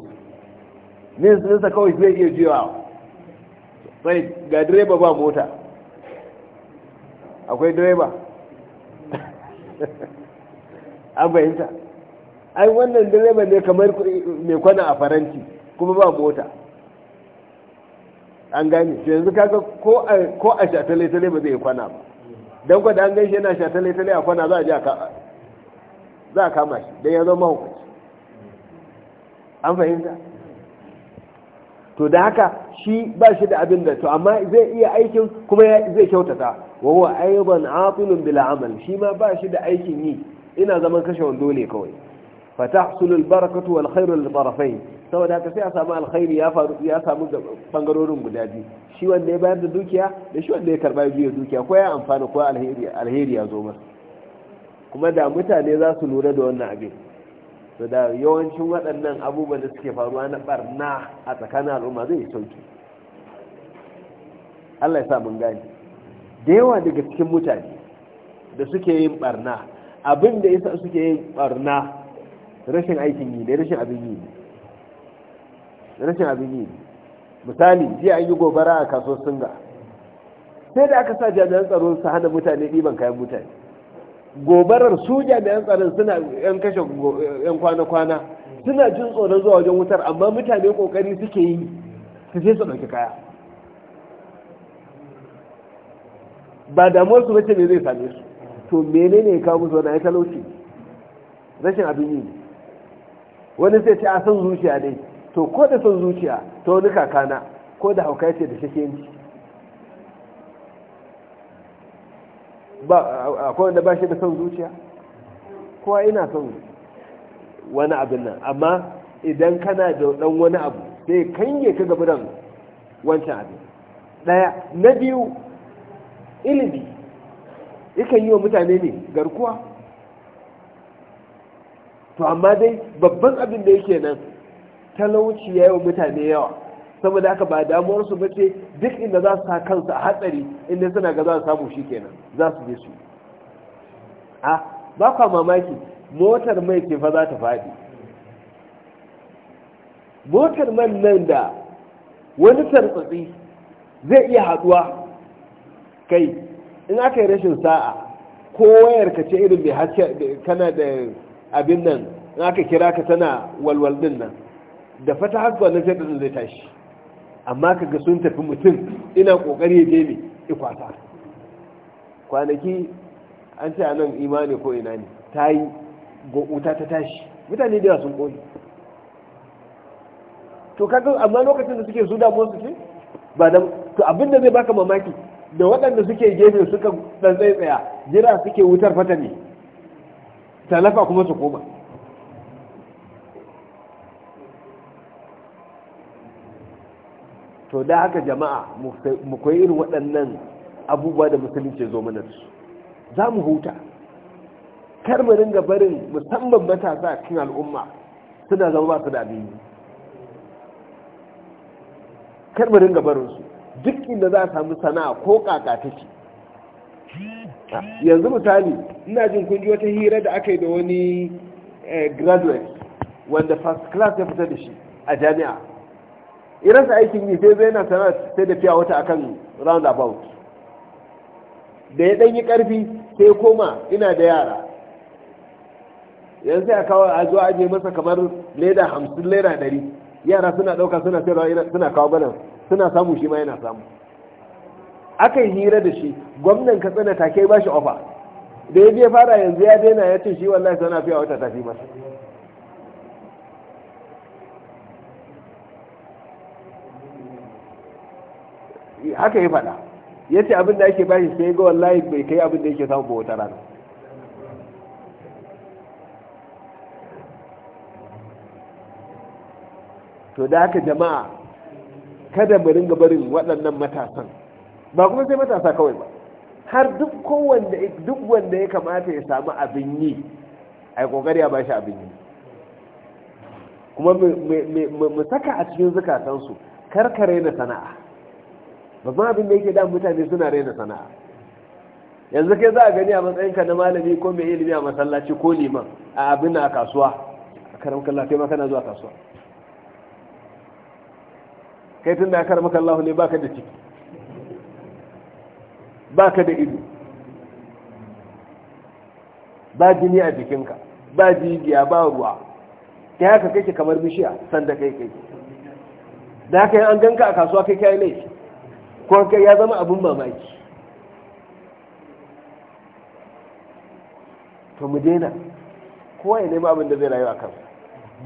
su nisa kawai zai iya jiwa sai ga direba ba mota akwai direba [laughs] an bayanta ai wannan direba ne kamar mai kwana a faranti kuma ba mota an gani shi yanzu kaga ko a shatale-tale ba zai kwana ba don kwa da an gani shi yana shatale-tale a kwana za a kama shi don ya zama hukunci an fahimta to da haka shi ba shi da abin da to amma zai iya aikin kuma zai kyautata wa ayyuban aidan bila amal shi ma ba shi da aikin yi ina zaman kashe wando ne kawai فتحصل البركة والخير للطرفين سواء ذاك sai a الخير يا فاروق يا سامو samu bangarorin guda biyu shi wanda ya bayar da dukiya da shi wanda ya karba biyu dukiya ko ya amfana ko alheri alheri ya zo masa kuma za su lura da wannan abin so da yawancin wadannan abubuwan da suke faruwa na barna a tsakanin al'umma zai yi sauki Allah ya sa mun gani da yawa daga cikin mutane da suke yin barna abin da yasa suke yin barna rashin aikin yi da rashin abin yi rashin abin yi misali jiya an yi gobara a kasuwar singa sai da aka sa jami'an tsaro su hana mutane ɗiban kayan mutane gobarar su jami'an tsaron suna yan kashe yan kwana-kwana suna jin tsoron zuwa wajen wutar amma mutane kokari suke yi su sai su ɗauki kaya ba damuwar su bace ne zai same su to menene ya kawo musu wani ya talauci rashin abin yi ne wani zai ce a san zuciya ne, to ko da san zuciya ta wani kakana ko da hauka ce da shakiyanci ba akwai wanda ba shi da san zuciya kowa ina son wani abin nan amma idan kana da dan wani abu sai kanye ka gaba da wancan abin daya na biyu ilimi yakan yi wa mutane ne garkuwa to amma dai babban abin da yake nan talauci ya yi wa mutane yawa saboda aka ba damuwarsu ba ce duk inda za su sa kansu a hatsari inda suna ga za su samu shi kenan za su je su a ba kwa mamaki motar mai ke fa za ta faɗi motar man nan da wani tartsatsi zai iya haɗuwa kai in aka yi rashin sa'a ko wayar ka ce irin mai haske kana da abin nan in aka kira ka tana walwal din nan da fata haka na sai ɗin zai tashi amma kaga sun tafi mutum ina ƙoƙari ya je ikwata kwanaki an ce nan imani ko ina ne ta yi wuta ta tashi mutane da sun koyi to kaga amma lokacin da suke su damuwa su ce ba da to abin da zai baka mamaki da waɗanda suke gefe suka ɗan tsaya jira suke wutar fata ne talafa kuma su koma to da haka jama'a mu koyi irin waɗannan abubuwa da musulunci zo mana su za mu huta kar mu musamman matasa a cikin al'umma suna zama ba su da abin kar mu gabarinsu duk inda za a samu sana'a ko kakata ce yanzu misali ina jin kun wata hira da aka yi da wani eh, graduate wanda first class ya fita da shi a jami'a irinsa aikin yi sai zai na sana sai da fiya wata akan roundabout da ya ɗanyi ƙarfi sai koma ina da yara yanzu ya kawo a zuwa ajiye masa kamar leda hamsin leda ɗari yara suna ɗauka suna sayarwa suna kawo banan suna samu shi ma yana samu aka yi hira da shi gwamnan katsina ta kai ba shi ofa da ya biya fara yanzu ya daina ya ce shi wallahi sana fiya wata tafi masa haka ya faɗa ya ce abin da ake bashi sai ga wallahi bai kai abin da yake samu ba wata rana to da haka jama'a kada mu ringa barin waɗannan matasan ba kuma sai matasa kawai ba har duk kowanda duk wanda ya kamata ya samu abin yi yi kokari ya bashi abin yi kuma mu saka a cikin zukatansu karka raina sana'a ba ma abin da yake da mutane suna raina sana'a yanzu kai za a gani a matsayinka na malami ko mai ilimi a masallaci ko liman a abin a kasuwa a karam kalla kai ma kana zuwa kasuwa kai tun da karam kallahu ne baka da ciki ba ka da ido ba jini a jikinka ba jijiya ba ruwa ta haka kake kamar bishiya sanda kai kai da haka yan an ganka a kasuwa kai kai ne ko kai ya zama abin mamaki to mu daina kowa ya nema abin da zai rayu a kansa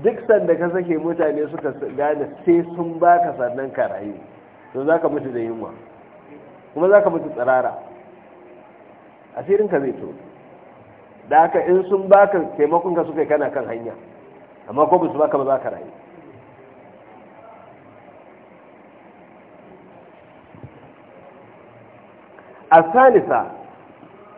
duk sanda ka sake mutane suka gane sai sun baka sannan ka rayu to za ka mutu da yunwa kuma za ka mutu tsirara asirinka zai to da haka in sun baka taimakon ka suka kana kan hanya amma ko su baka ba za ka rayu a salisa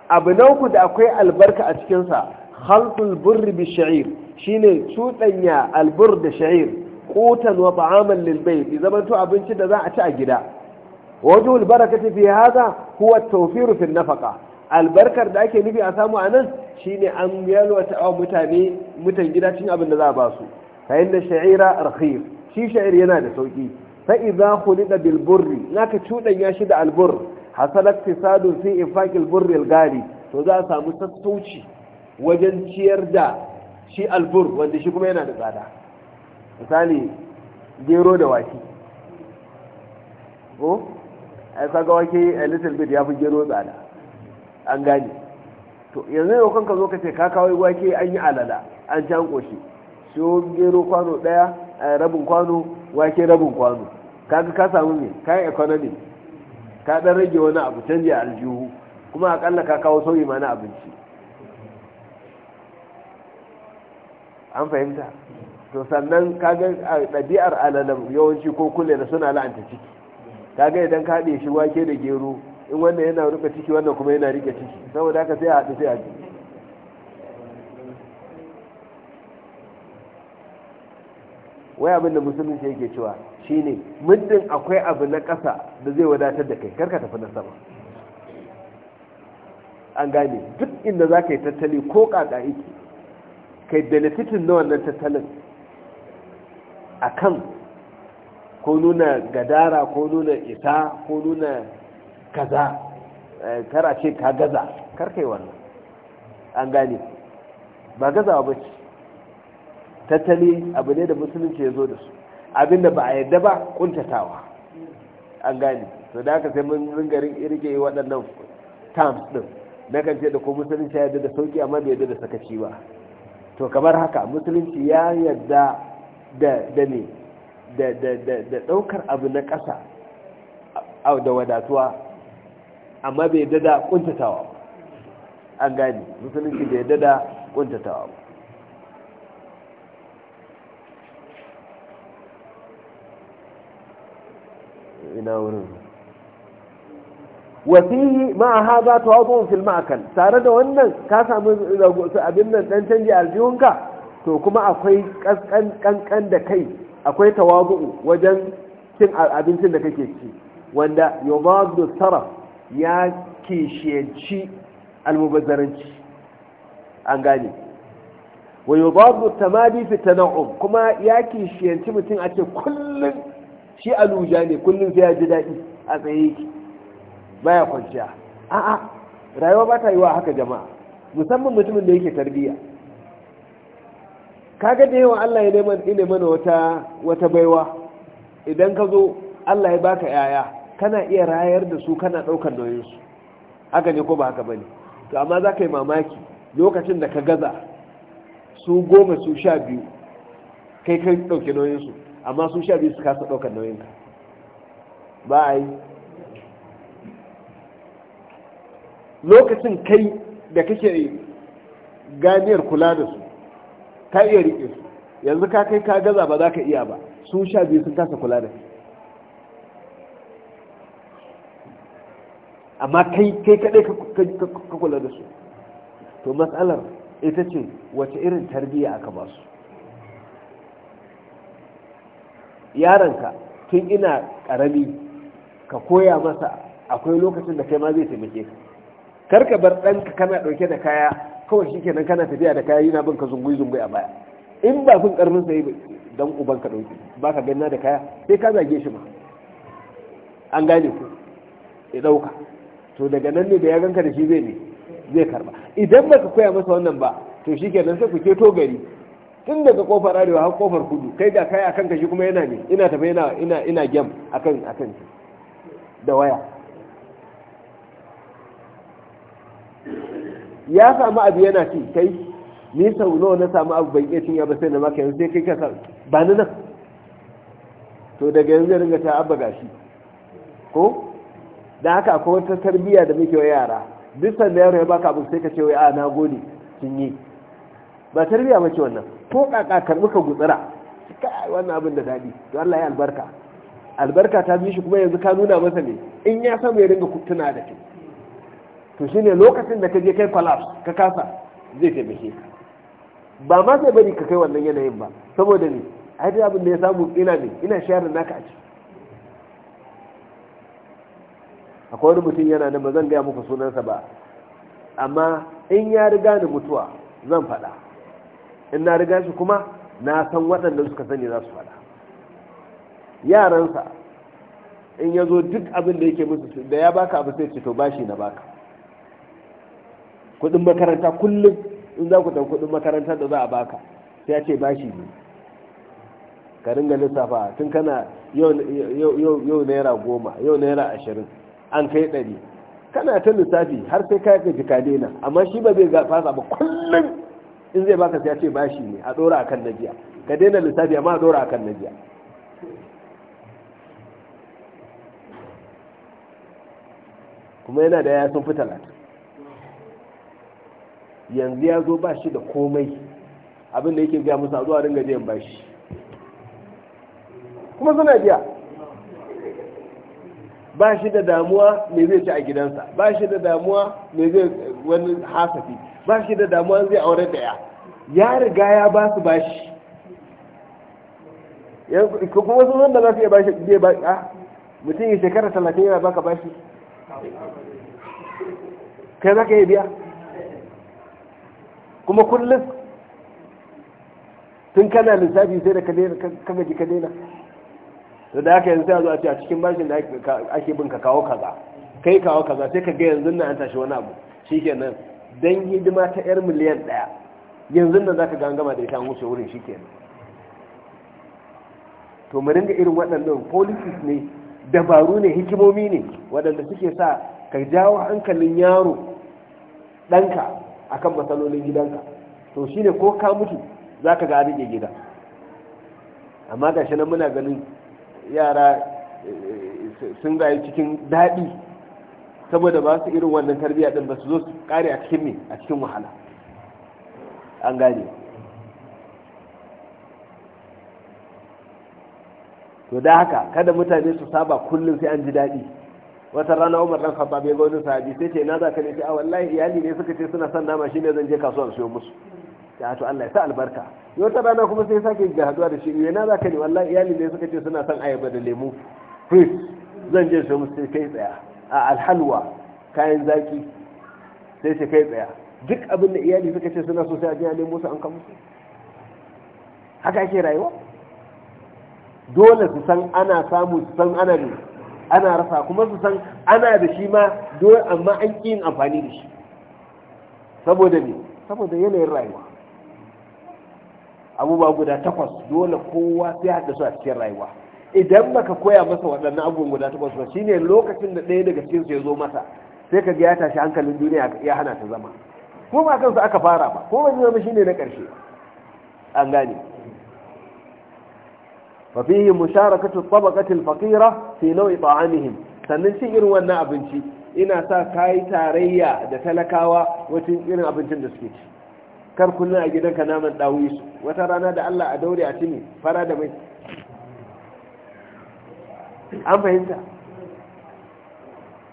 abu na da akwai albarka a cikinsa halkul burri bi sha'ir shine cuɗanya albur da sha'ir kotan wa ba'aman lilbai zamanto abinci da za a ci a gida wajen ta fi haza huwa tawfiru fil nafaqa albarkar da ake nufi a samu a nan shine an ta wa mutane mutan gida cin abin da za a ba su sha'ira rakhir shi sha'ir yana da sauki fa idza khulida bil burri naka cudan ya shi da albur hasalat tisadu fi infaqil burri al to za a samu sassauci wajen ciyar da shi albur wanda shi kuma yana da tsada misali gero da wake ko ai kaga wake a little bit ya fi gero tsada an gane to yanzu yau kanka zo ka ce ka kawo wake an yi alala an ci an koshi so gero kwano daya eh, rabin kwano wake rabin kwano kaga ka samu ne ka yi economy ka dan rage wani abu canji a aljihu kuma akalla ka kawo sauyi ma na abinci an fahimta to sannan kaga ɗabi'ar alalam yawanci ko kulle da suna la'anta ciki kaga idan ka haɗe shi wake da gero in wannan yana rufe ciki wannan kuma yana rike ciki saboda haka sai a haɗu sai a ji wai abin da musulunci yake cewa shine muddin akwai abu na ƙasa da zai wadatar da kai karka tafi na sama an gane duk inda za ka yi tattali ko ƙaƙa iki kai benefitin na wannan tattalin a kan ko nuna gadara ko nuna isa ko nuna kaza eh, kara ce ka gaza karkai wannan an gane ba gazawa ba ce tattali abu ne da musulunci ya zo da su abinda ba a yadda ba kuntatawa an gane to da aka sai mun ringarin irge waɗannan terms ɗin na kan ce da ko musulunci ya yadda da sauki amma bai yadda da sakaci ba to kamar haka musulunci ya yadda da ne da daukar abu na ƙasa da wadatuwa amma bai dada ƙuntatawa ba an gani musulunci bai dada ƙuntatawa ba ina wurin wasihi ma haza tawadun fil ma'kal tare da wannan ka samu abin nan dan canji aljihunka to kuma akwai kankan da kai akwai tawagu'u wajen cin abincin da kake ci wanda yubadu saraf ya kishiyanci almubazzaranci an gane wa yubadu tamadi fi tan'um kuma ya kishiyanci mutum a ce kullum shi aluja ne kullum sai ya ji daɗi a tsaye baya kwanciya a'a rayuwa ba ta yi wa haka jama'a musamman mutumin da yake tarbiyya Ka ga da yawa Allah ya neman mana wata wata baiwa idan ka zo Allah ya baka yaya kana iya rayar da su kana daukar nauyinsu. su haka ne ko ba haka bane to amma za ka yi mamaki lokacin da ka gaza su goma su sha biyu kai kai dauke nauyinsu amma su sha biyu su kasa daukar nauyin ka ba a yi lokacin kai da kake ganiyar kula da su ka iya riƙe su yanzu ka kai ka gaza ba za ka iya ba su sha biyu sun kasa kula da kai amma kai kai kaɗai ka kula da su to matsalar ita ce wace irin tarbiyya aka ba su yaronka tun ina ƙarami ka koya masa akwai lokacin da kai ma zai taimake ka karka bar ɗanka kana ɗauke da kaya kawai shi kenan kana tafiya da kaya yana bin ka zungui zungui a baya in ba kun karfin sai dan uban ka dauki ba ka ganna da kaya sai ka zage shi ma an gane ku ya dauka to daga nan ne da ya ganka da shi zai ne zai karba idan baka koya masa wannan ba to shi kenan sai ku to gari tun daga kofar arewa har kofar kudu kai ga kaya akan ka shi kuma yana ne ina tafi ina ina ina gem akan akan da waya ya samu abu yana ci kai ni sau nawa na samu abu ban iya cinya ba sai na maka yanzu sai kai ka samu ba ni nan to daga yanzu ringa ta abba gashi ko da haka akwai wata tarbiyya da muke wa yara duk sanda yaro ya baka abu sai ka ce wai a na gode sun yi ba tarbiyya ba ce wannan ko kaka karbi ka gutsira kai wannan abin da daɗi to Allah ya albarka albarka ta bi shi kuma yanzu ka nuna masa ne in ya samu ya ringa tuna da kai to shine lokacin da ka je kai collapse ka kasa zai taimake ka ba ma sai bari ka kai wannan yanayin ba saboda ne ai da abin da ya samu ina ne ina shayar da naka a ciki akwai wani mutum yana nan ba zan gaya muku sunansa ba amma in ya riga ni mutuwa zan faɗa in na riga shi kuma na san waɗanda suka sani za su faɗa yaransa in ya zo duk abin da yake musu da ya baka abu sai ce to bashi na baka kudin makaranta kullum in za ku tafi kudin makaranta da za a baka sai ya ce bashi ne ka ringa lissafa tun kana yau naira goma yau naira ashirin an kai ɗari kana ta lissafi har sai ka yi jika dena, amma shi ba zai fasa ba kullum in zai baka sai a ce bashi ne a ɗora na biya ka dena lissafi amma a ɗora na biya kuma yana da ya sun fi talatin yanzu ya zo ba shi da komai abin da yake biya musu a zuwa ringa biyan bashi kuma suna biya ba shi da damuwa me zai ci a gidansa ba shi da damuwa me zai wani hasafi ba shi da damuwa zai aure daya. ya riga ya ba su bashi kuma sun zan da za su iya bashi zai ba a mutum ya shekara talatin yana baka bashi kai za ka yi biya kuma kullum tun kana lissafi sai da ka gaji ka daina to da aka yanzu sai a zo a ce a cikin bashin da ake bin ka kawo kaza kai kawo kaza sai ka ga yanzu nan an tashi wani abu shikenan don hidima ta yar miliyan ɗaya yanzu nan za ka gama da ita an wuce wurin nan to mu ringa irin waɗannan policies ne dabaru ne hikimomi ne waɗanda suke sa ka jawo hankalin yaro ɗanka akan matsalolin gidanka to shine ko ka mutu za ka ga gida amma ga shi nan muna ganin yara eh, eh, sun rayu cikin daɗi saboda ba su irin wannan tarbiyya din ba su zo su kare a cikin me a cikin wahala an gane to da haka kada mutane su saba kullum sai an ji daɗi wata rana umar dan khattab ya ga wani sahabi sai ce na za ka ne ce a wallahi iyali ne suka ce suna son nama shine zan je kasuwa siyo musu ya to Allah ya sa albarka wata rana kuma sai sake ga haduwa da shi ne. Na za ka ne wallahi iyali ne suka ce suna son ayaba da lemu fruit zan je siyo musu sai kai tsaya a alhalwa kayan zaki sai ce kai tsaya duk abin da iyali suka ce suna so sai a je a nemo su an kan musu haka ake rayuwa dole su san ana samu su san ana ne ana rasa kuma su san ana da shi ma dole amma an ƙi amfani da shi saboda ne saboda yanayin rayuwa abubuwa guda takwas dole kowa sai haɗa su a cikin rayuwa idan baka koya masa waɗannan abubuwan guda takwas ba shine lokacin da ɗaya daga cikin su ya zo masa sai ka ya tashi hankalin duniya ya hana ta zama ko ba kansa aka fara ba ko ba zama shine na ƙarshe an gane fa مشاركة الطبقة الفقيرة في نوع طعامهم naw'i ta'amihim sannan shi irin wannan abinci ina sa kai tarayya da talakawa wacin irin abincin da suke ci kar kullun a gidanka naman dawi wata a daure a da mai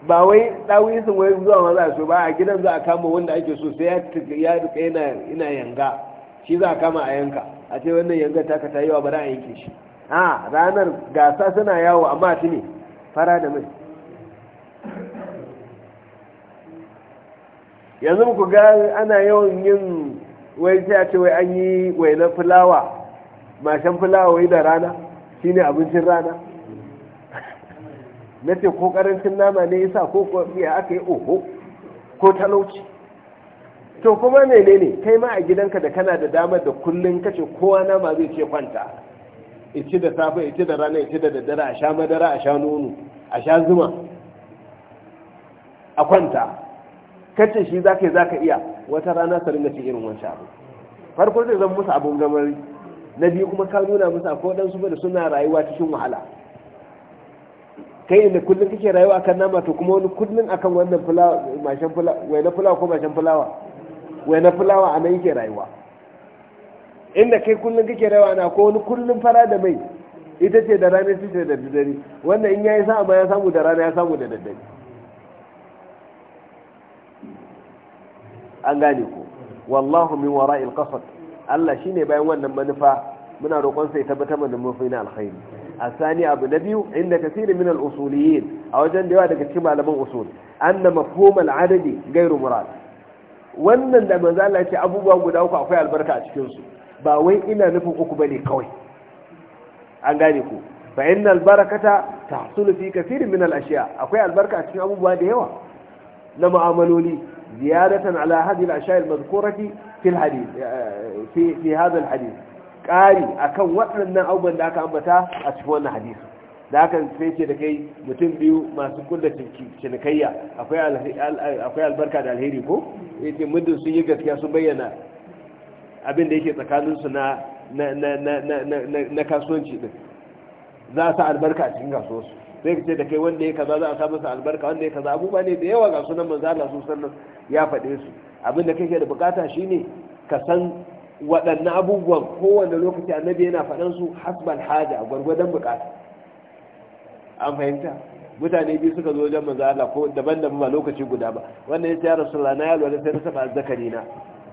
ba wai dawi wai zuwa ma su ba a gidan za a kama wanda ake so sai ya rika yana yanga shi za a kama a yanka a ce wannan yanga ta ka tayiwa ba bari a yanke shi a ranar gasa suna yawo amma ta ne fara da mai yanzu ku ga ana yawan yin wai sai a ce wai an yi na fulawa mashan fulawa wai da rana shine abincin rana na ce ko karancin nama ne yasa ko ya aka yi oho ko talauci to kuma menene kai ma a gidanka da kana da damar da kullum kace kowa nama zai ce kwanta ita da safe ita da rana ita da daddare a sha madara a sha nono a sha zuma a kwanta kacce shi za ka yi za ka iya wata rana su ringa cikin irin wancan abu farko zai zama musu abun gamari na biyu kuma ka nuna musu akwai waɗansu da suna rayuwa cikin wahala kai inda kullum kake rayuwa akan nama to kuma wani kullum akan wannan fulawa mashin fulawa wai na fulawa ko mashin fulawa wai na fulawa a nan yake rayuwa inda kai kullum kake rawa na ko wani kullum fara da mai ita ce da rana da daddare wannan in yayi sa'a ma ya samu da rana ya samu da daddare an gane ku wallahu min wara'il qasad Allah shine bayan wannan manufa muna roƙon sai tabbatar da manufa na alkhairi asani abu na biyu inda kasiri min al-usuliyin a wajen da yawa daga cikin malaman usul anna mafhum al-adadi Gairu murad wannan da manzo Allah ya abubuwa guda uku akwai albarka a cikin su ba wai ina nufin uku bane kawai an gane ku fa innal barakata tahsulu fi kathirin min al ashiya akwai albarka a cikin abubuwa da yawa na mu'amaloli ziyadatan ala hadhihi al ashiya al madhkurati fi al hadith eh, fi fi hadha al hadith kari akan waɗannan abubuwan da aka ambata a cikin wannan hadisi da hakan sai ce da kai mutum biyu masu kulla cinikayya akwai albarka da alheri ko yace eh, muddin sun yi gaskiya sun bayyana abin da yake tsakaninsu na na kasuwanci din za a sa albarka a cikin kasuwarsu sai ka ce da kai wanda ya kaza za a samu sa albarka wanda ya kaza abubuwa ne da yawa ga sunan manzo Allah su sallan ya faɗe su abin da kake da bukata shine ka san waɗannan abubuwan kowanne lokaci annabi yana faɗan su hasbal haja gwargwadon bukata an fahimta mutane biyu suka zo wajen manzo Allah ko daban-daban ba lokaci guda ba wannan ya ce ya rasulullahi na yalwa sai na saba azzakari na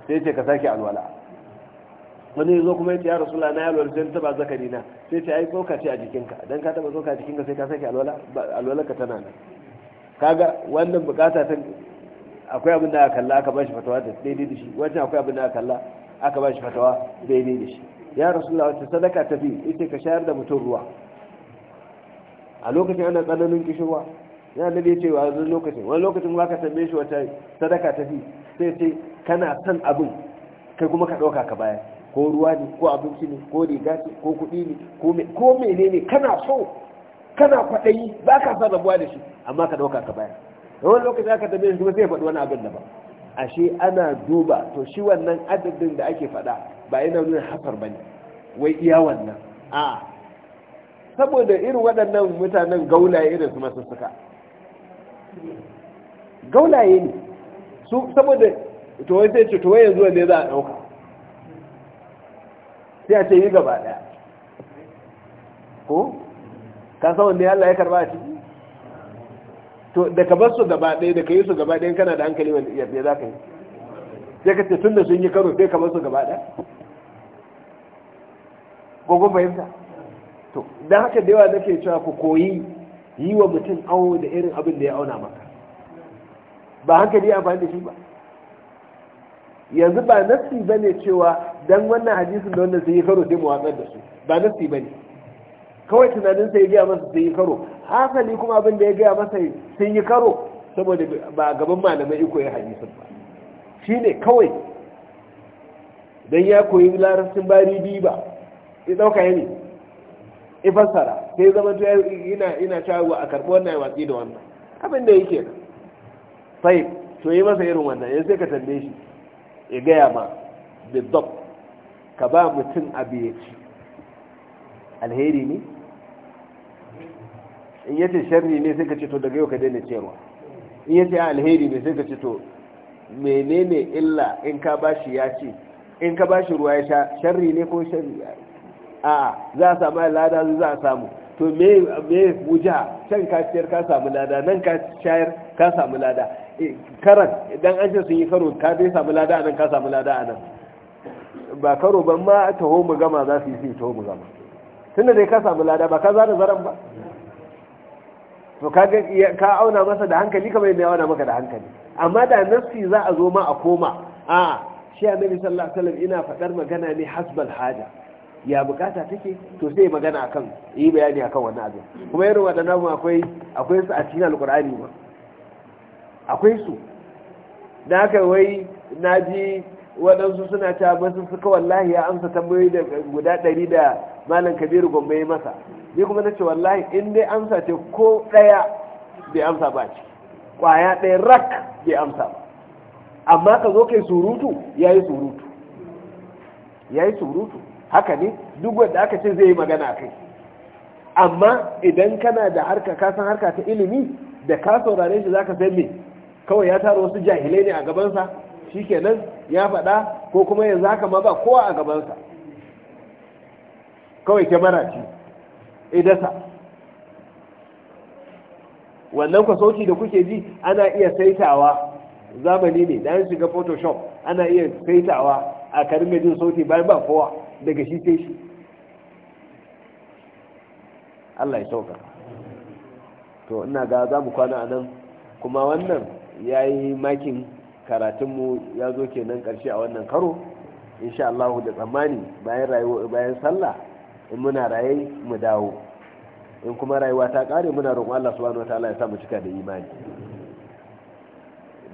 sai ce ka sake alwala wani zo kuma yace ya rasulullah na yalwar sai taba zakari na sai ce ai tsoka ce a jikinka don ka taba tsoka a jikinka sai ka sake alwala alwala ka tana nan kaga wannan bukata ta akwai abin da aka kalla aka shi fatawa da daidai da shi wancan akwai abin da aka kalla aka shi fatawa daidai da shi ya rasu rasulullah wata sadaka ta fi ita ka shayar da mutum ruwa a lokacin ana tsananin kishirwa ya nabi ya ce wa zan lokacin wani lokacin ba ka tambaye shi wata sadaka ta fi sai ce kana son abin kai kuma ka ɗauka ka bayar ko ruwa ne ko abinci ne ko riga ce ko kuɗi ne ko mene ne kana so kana kwaɗayi ba ka sa rabuwa da shi amma ka ɗauka ka bayar da wani lokaci aka tabi yanzu sai ya faɗi wani abin da ba ashe ana duba to shi wannan adadin da ake faɗa ba yana nuna hasar ba ne wai iya wannan a saboda irin waɗannan mutanen gaulaye irin su masu suka gaulaye ne su saboda to wai sai ce to wai yanzu ne za a ɗauka sai a ce yi gaba daya ko ka san wanne Allah ya karba a ciki to da ka bar su gaba daya da ka yi su gaba daya kana da hankali wanda iya sai za ka yi sai ka ce tun da sun yi karo sai ka basu su gaba daya gogon fahimta to don haka da yawa nake cewa ku koyi yi wa mutum awo da irin abin da ya auna maka ba hankali amfani da shi ba yanzu ba ba ne cewa dan wannan hadisin da wannan sai yi karo sai mu watsar da su ba ba ne. kawai tunanin sai ya gaya masa sai yi karo hasali kuma abin da ya gaya masa sun yi karo saboda ba gaban malamai iko ya hadisin ba Shi ne kawai don ya koyi larabcin bari biyu ba ya ɗauka yani ya fassara sai zama to ina ina cewa a karɓi wannan ya watsi da wannan abin da yake sai to yi masa irin wannan yanzu sai ka tambaye shi ya gaya ma bidob ka ba mutum abu ya ci alheri ne in yace sharri ne sai ka ce to daga yau ka daina cewa in yace alheri ne sai ka ce to menene illa in ka bashi ya ce in ka bashi ruwa ya sha sharri ne ko sharri a za a samu lada za a samu to me me wuja can ka ciyar ka samu lada nan ka shayar ka samu lada karan idan an ce sun yi karo ka dai samu lada anan ka samu lada anan ba karo ban ma taho mu gama za su yi sai taho mu gama tunda dai ka samu lada ba ka zara zaran ba to ka ka auna masa da hankali kamar yadda ya auna maka da hankali amma da nafsi za a zo ma a koma a shi annabi sallallahu alaihi wasallam ina fadar magana ne hasbal haja ya bukata take to sai magana akan yi bayani akan wannan abin kuma irin wadannan akwai akwai su a cikin alqur'ani ba akwai su da aka wai na ji waɗansu suna ta basu suka wallahi ya amsa tambayoyi da guda ɗari da malam kabiru gombe ya masa ni kuma na ce wallahi in dai amsa ce ko ɗaya bai amsa ba ce ƙwaya ɗaya rak bai amsa ba amma ka zo kai surutu ya yi surutu ya yi surutu haka ne duk wanda aka ce zai yi magana kai amma idan kana da harka kasan harka ta ilimi da ka saurare shi za ka san me kawai ya tara wasu jahilai ne a gabansa shi nan ya faɗa ko kuma yanzu haka ma ba kowa a gabansa kawai kyamara ce idasa wannan kwasauci da kuke ji ana iya saitawa zamani ne da yanci shiga photoshop ana iya saitawa a karin jin sauti bayan ba kowa daga shi sai shi Allah ya sauka to ina ga za mu kwana a nan kuma wannan ya yi makin karatunmu ya zo ke nan karshe a wannan karo insha Allah da tsammani bayan rayuwa bayan sallah in muna raye mu dawo in kuma rayuwa ta kare muna roƙon Allah subhanahu wataala ya sa mu cika da imani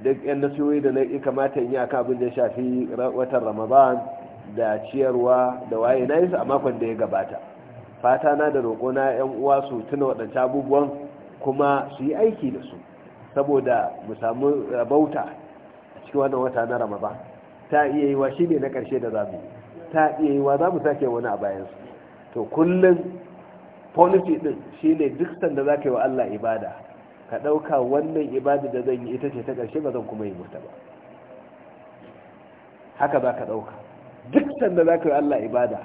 duk yan nasihohi da na kamata in yi akan abin da ya shafi watan Ramadan da ciyarwa da waye na yi a makon da ya gabata fata na da roƙona yan uwa su tuna waɗancan abubuwan kuma su yi aiki da su saboda mu samu rabauta a cikin wannan wata na ramadan ta iya yi wa shi ne na ƙarshe da za mu yi ta iya yi wa za mu sake wani a bayansu to kullum policy din shi ne duk sanda za ka yi wa allah ibada ka ɗauka wannan ibada da zan yi ita ce ta ƙarshe ba zan kuma yi mata ba haka za ka ɗauka duk sanda za ka yi wa allah ibada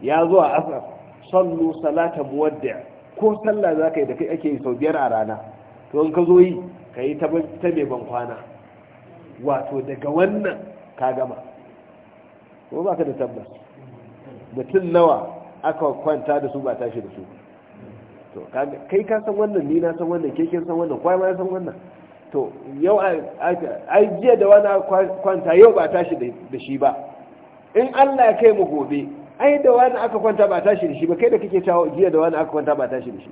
ya zo a asar sallu salata muwaddi ko sallah za ka yi da kai ake yi sau biyar a rana to in ka zo yi ka yi ta mai ban kwana wato daga wannan ka gama ko ba ka da tabbas mutum nawa aka kwanta da su ba tashi da su to kai ka san wannan ni na san wannan keken, san wannan kwai ma san wannan to yau a jiya da wani kwanta yau ba tashi da shi ba in Allah ya kai mu gobe ai da wani aka kwanta ba tashi da shi ba kai da kake cewa jiya da wani aka kwanta ba tashi da shi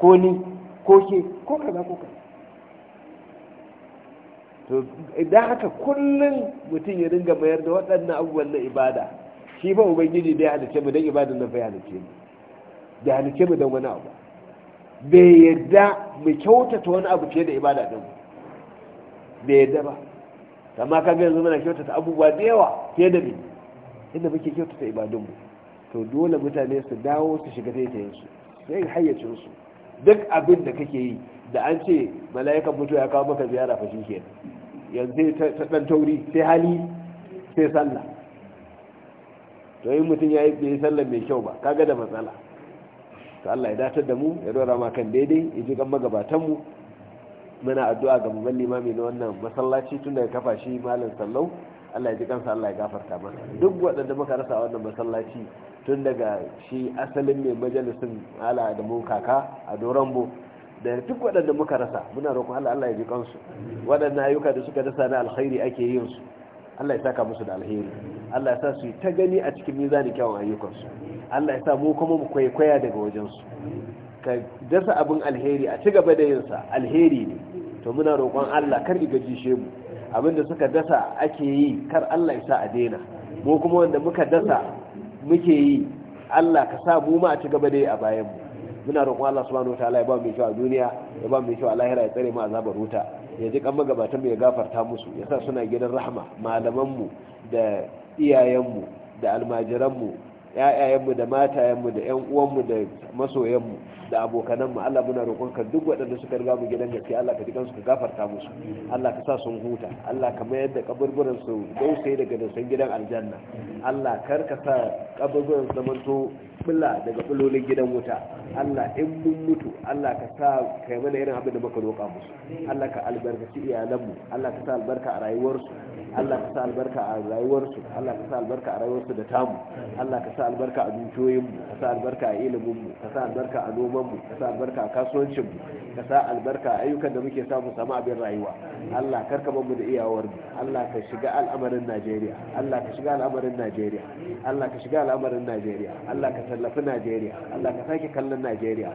ko ni ko ke ko kaza ko kaza to idan haka kullum mutum ya dinga mayar da waɗannan abubuwan na ibada shi ba ubangiji da ya halice mu don ibadan nan bai halice mu da halice mu don wani abu bai yadda mu kyautata wani abu fiye da ibada din bai yadda ba amma ka ga yanzu muna kyautata abubuwa da yawa fiye da mu inda muke kyautata mu to dole mutane su dawo su shiga su sai hayyacinsu duk abin da kake yi da an ce mala'ikan mutu ya kawo maka ziyara fa shike yanzu ta dan tauri sai hali sai sallah to in mutum ya yi sallah mai kyau ba kaga da matsala to Allah ya datar da mu ya dora ma kan daidai ya ji kan magabatan mu muna addu'a ga babban limami na wannan masallaci tun da ya kafa shi malam sallau Allah ya ji kansa Allah ya gafarta masa duk waɗanda muka rasa wannan masallaci tun daga shi asalin mai majalisin ala da mun kaka a dorambo da duk waɗanda muka rasa muna roƙon Allah Allah ya ji kansu waɗanda ayyuka da suka dasa na alkhairi ake yin su Allah ya saka musu da alheri Allah ya sa su ta gani a cikin mizanin kyawun ayyukansu Allah ya sa mu kuma mu kwaikwaya daga wajensu ka dasa abin alheri a ci gaba da sa alheri ne to muna roƙon Allah kar iga gaji mu abinda suka dasa ake yi kar Allah ya a daina mu kuma wanda muka dasa muke yi Allah ka sa mu ma a ci gaba da yi a bayan mu muna roƙon Allah subhanahu wataala ya ba mu kyau a duniya ya ba mu kyau a lahira ya tsare mu azabar wuta ya ji kan magabatan mu ya gafarta musu ya sa suna gidan rahama malaman mu da iyayen mu da almajiran mu ƴaƴayenmu da matayenmu da ƴan uwanmu da masoyanmu da abokananmu Allah muna roƙonka duk waɗanda suka riga mu gidan gaske Allah ka ji kansu ka gafarta musu Allah ka sa sun huta Allah ka mayar da kaburburan su dausaye daga dasan gidan aljanna Allah kar ka sa kaburburan zamanto bula daga bulolin gidan wuta Allah in mun mutu Allah ka sa kai mana irin abin da muka roƙa musu Allah ka albarkaci iyalanmu Allah ka sa albarka a rayuwarsu Allah ka sa albarka a rayuwarsu Allah ka sa albarka a rayuwarsu da tamu Allah ka sa sa albarka a dukiyoyinmu ka sa albarka a iliminmu ka sa albarka a nomanmu ka sa albarka a kasuwancinmu ka sa albarka a ayyukan da muke samu samu abin rayuwa Allah karka mu da iyawarmu Allah ka shiga al'amarin Najeriya Allah ka shiga al'amarin Najeriya Allah ka shiga al'amarin Najeriya Allah ka tallafi Najeriya Allah ka sake kallon Najeriya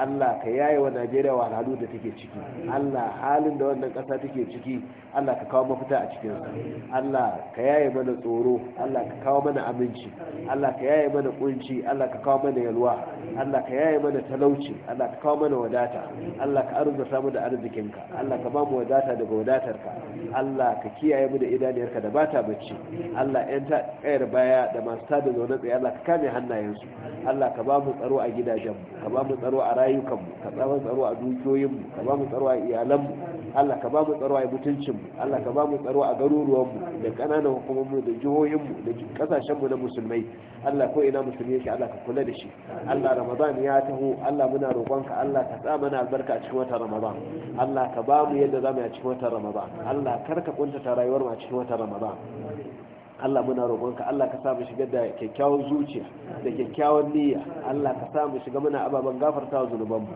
Allah ka yaye wa Najeriya wahalhalu da take ciki Allah halin da wannan ƙasa take ciki Allah ka kawo mafita a cikinsa Allah ka yaye mana tsoro Allah ka kawo mana aminci Allah ka yaye mana kunci Allah ka kawo mana yalwa Allah ka yaye mana talauci Allah ka kawo mana wadata Allah ka arzuta samu da arzikinka Allah ka bamu wadata daga wadatarka Allah ka kiyaye mu da idaniyarka da bata bacci Allah yan ta kayar baya da masu tada zaune tsaye Allah ka kame hannayensu Allah ka bamu tsaro a gidajenmu ka bamu mu tsaro a rayukanmu ka ba tsaro a dukiyoyinmu ka ba tsaro a iyalanmu Allah ka ba mu tsaro a mutuncin mu Allah ka ba mu tsaro a garuruwan mu da kananan hukumomin mu da jihohin mu da kasashen mu na musulmai Allah ko ina musulmi yake Allah ka kula da shi Allah Ramadan ya taho Allah muna roƙon ka Allah ka sa mana albarka a cikin watan Ramadan Allah ka ba mu yadda zamu yi a cikin watan Ramadan Allah kar ka kunta ta rayuwar mu a cikin watan Ramadan Allah muna roƙonka Allah ka sa mu shiga da kyakkyawan zuciya da kyakkyawan niyya Allah ka sa mu shiga muna ababen gafarta wa zunubanmu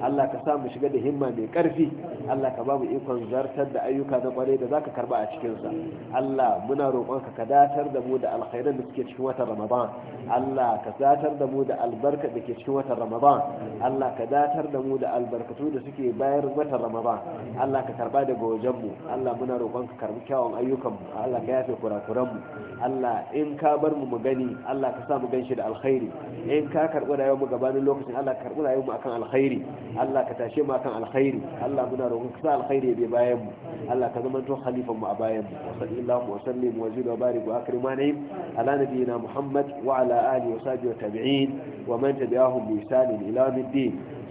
Allah ka sa mu shiga da himma mai ƙarfi Allah ka ba mu ikon zartar da ayyuka na kwarai da zaka karba a cikin sa Allah muna roƙonka ka datar da mu da alkhairan da suke cikin watan Ramadan Allah ka datar da mu da albarka da ke cikin watan Ramadan Allah ka datar da mu da albarkatu da suke bayar watan Ramadan Allah ka karba daga wajenmu Allah muna roƙonka karbi kyawun ayyukanmu Allah ka yafe mu Allah in ka bar mu mu gani Allah ka sa mu ganshi da alkhairi in ka karbi rayuwar mu gabanin lokacin Allah ka karbi rayuwar mu akan alkhairi Allah ka tashe mu akan alkhairi Allah muna roƙon ka sa alkhairi bai bayan mu Allah ka zama to khalifan mu a bayan mu wa sallallahu wa sallim wa zid wa barik wa akrim ala Muhammad wa ala alihi wa sahbihi wa tabi'in wa man tabi'ahum bi ihsan ila yawm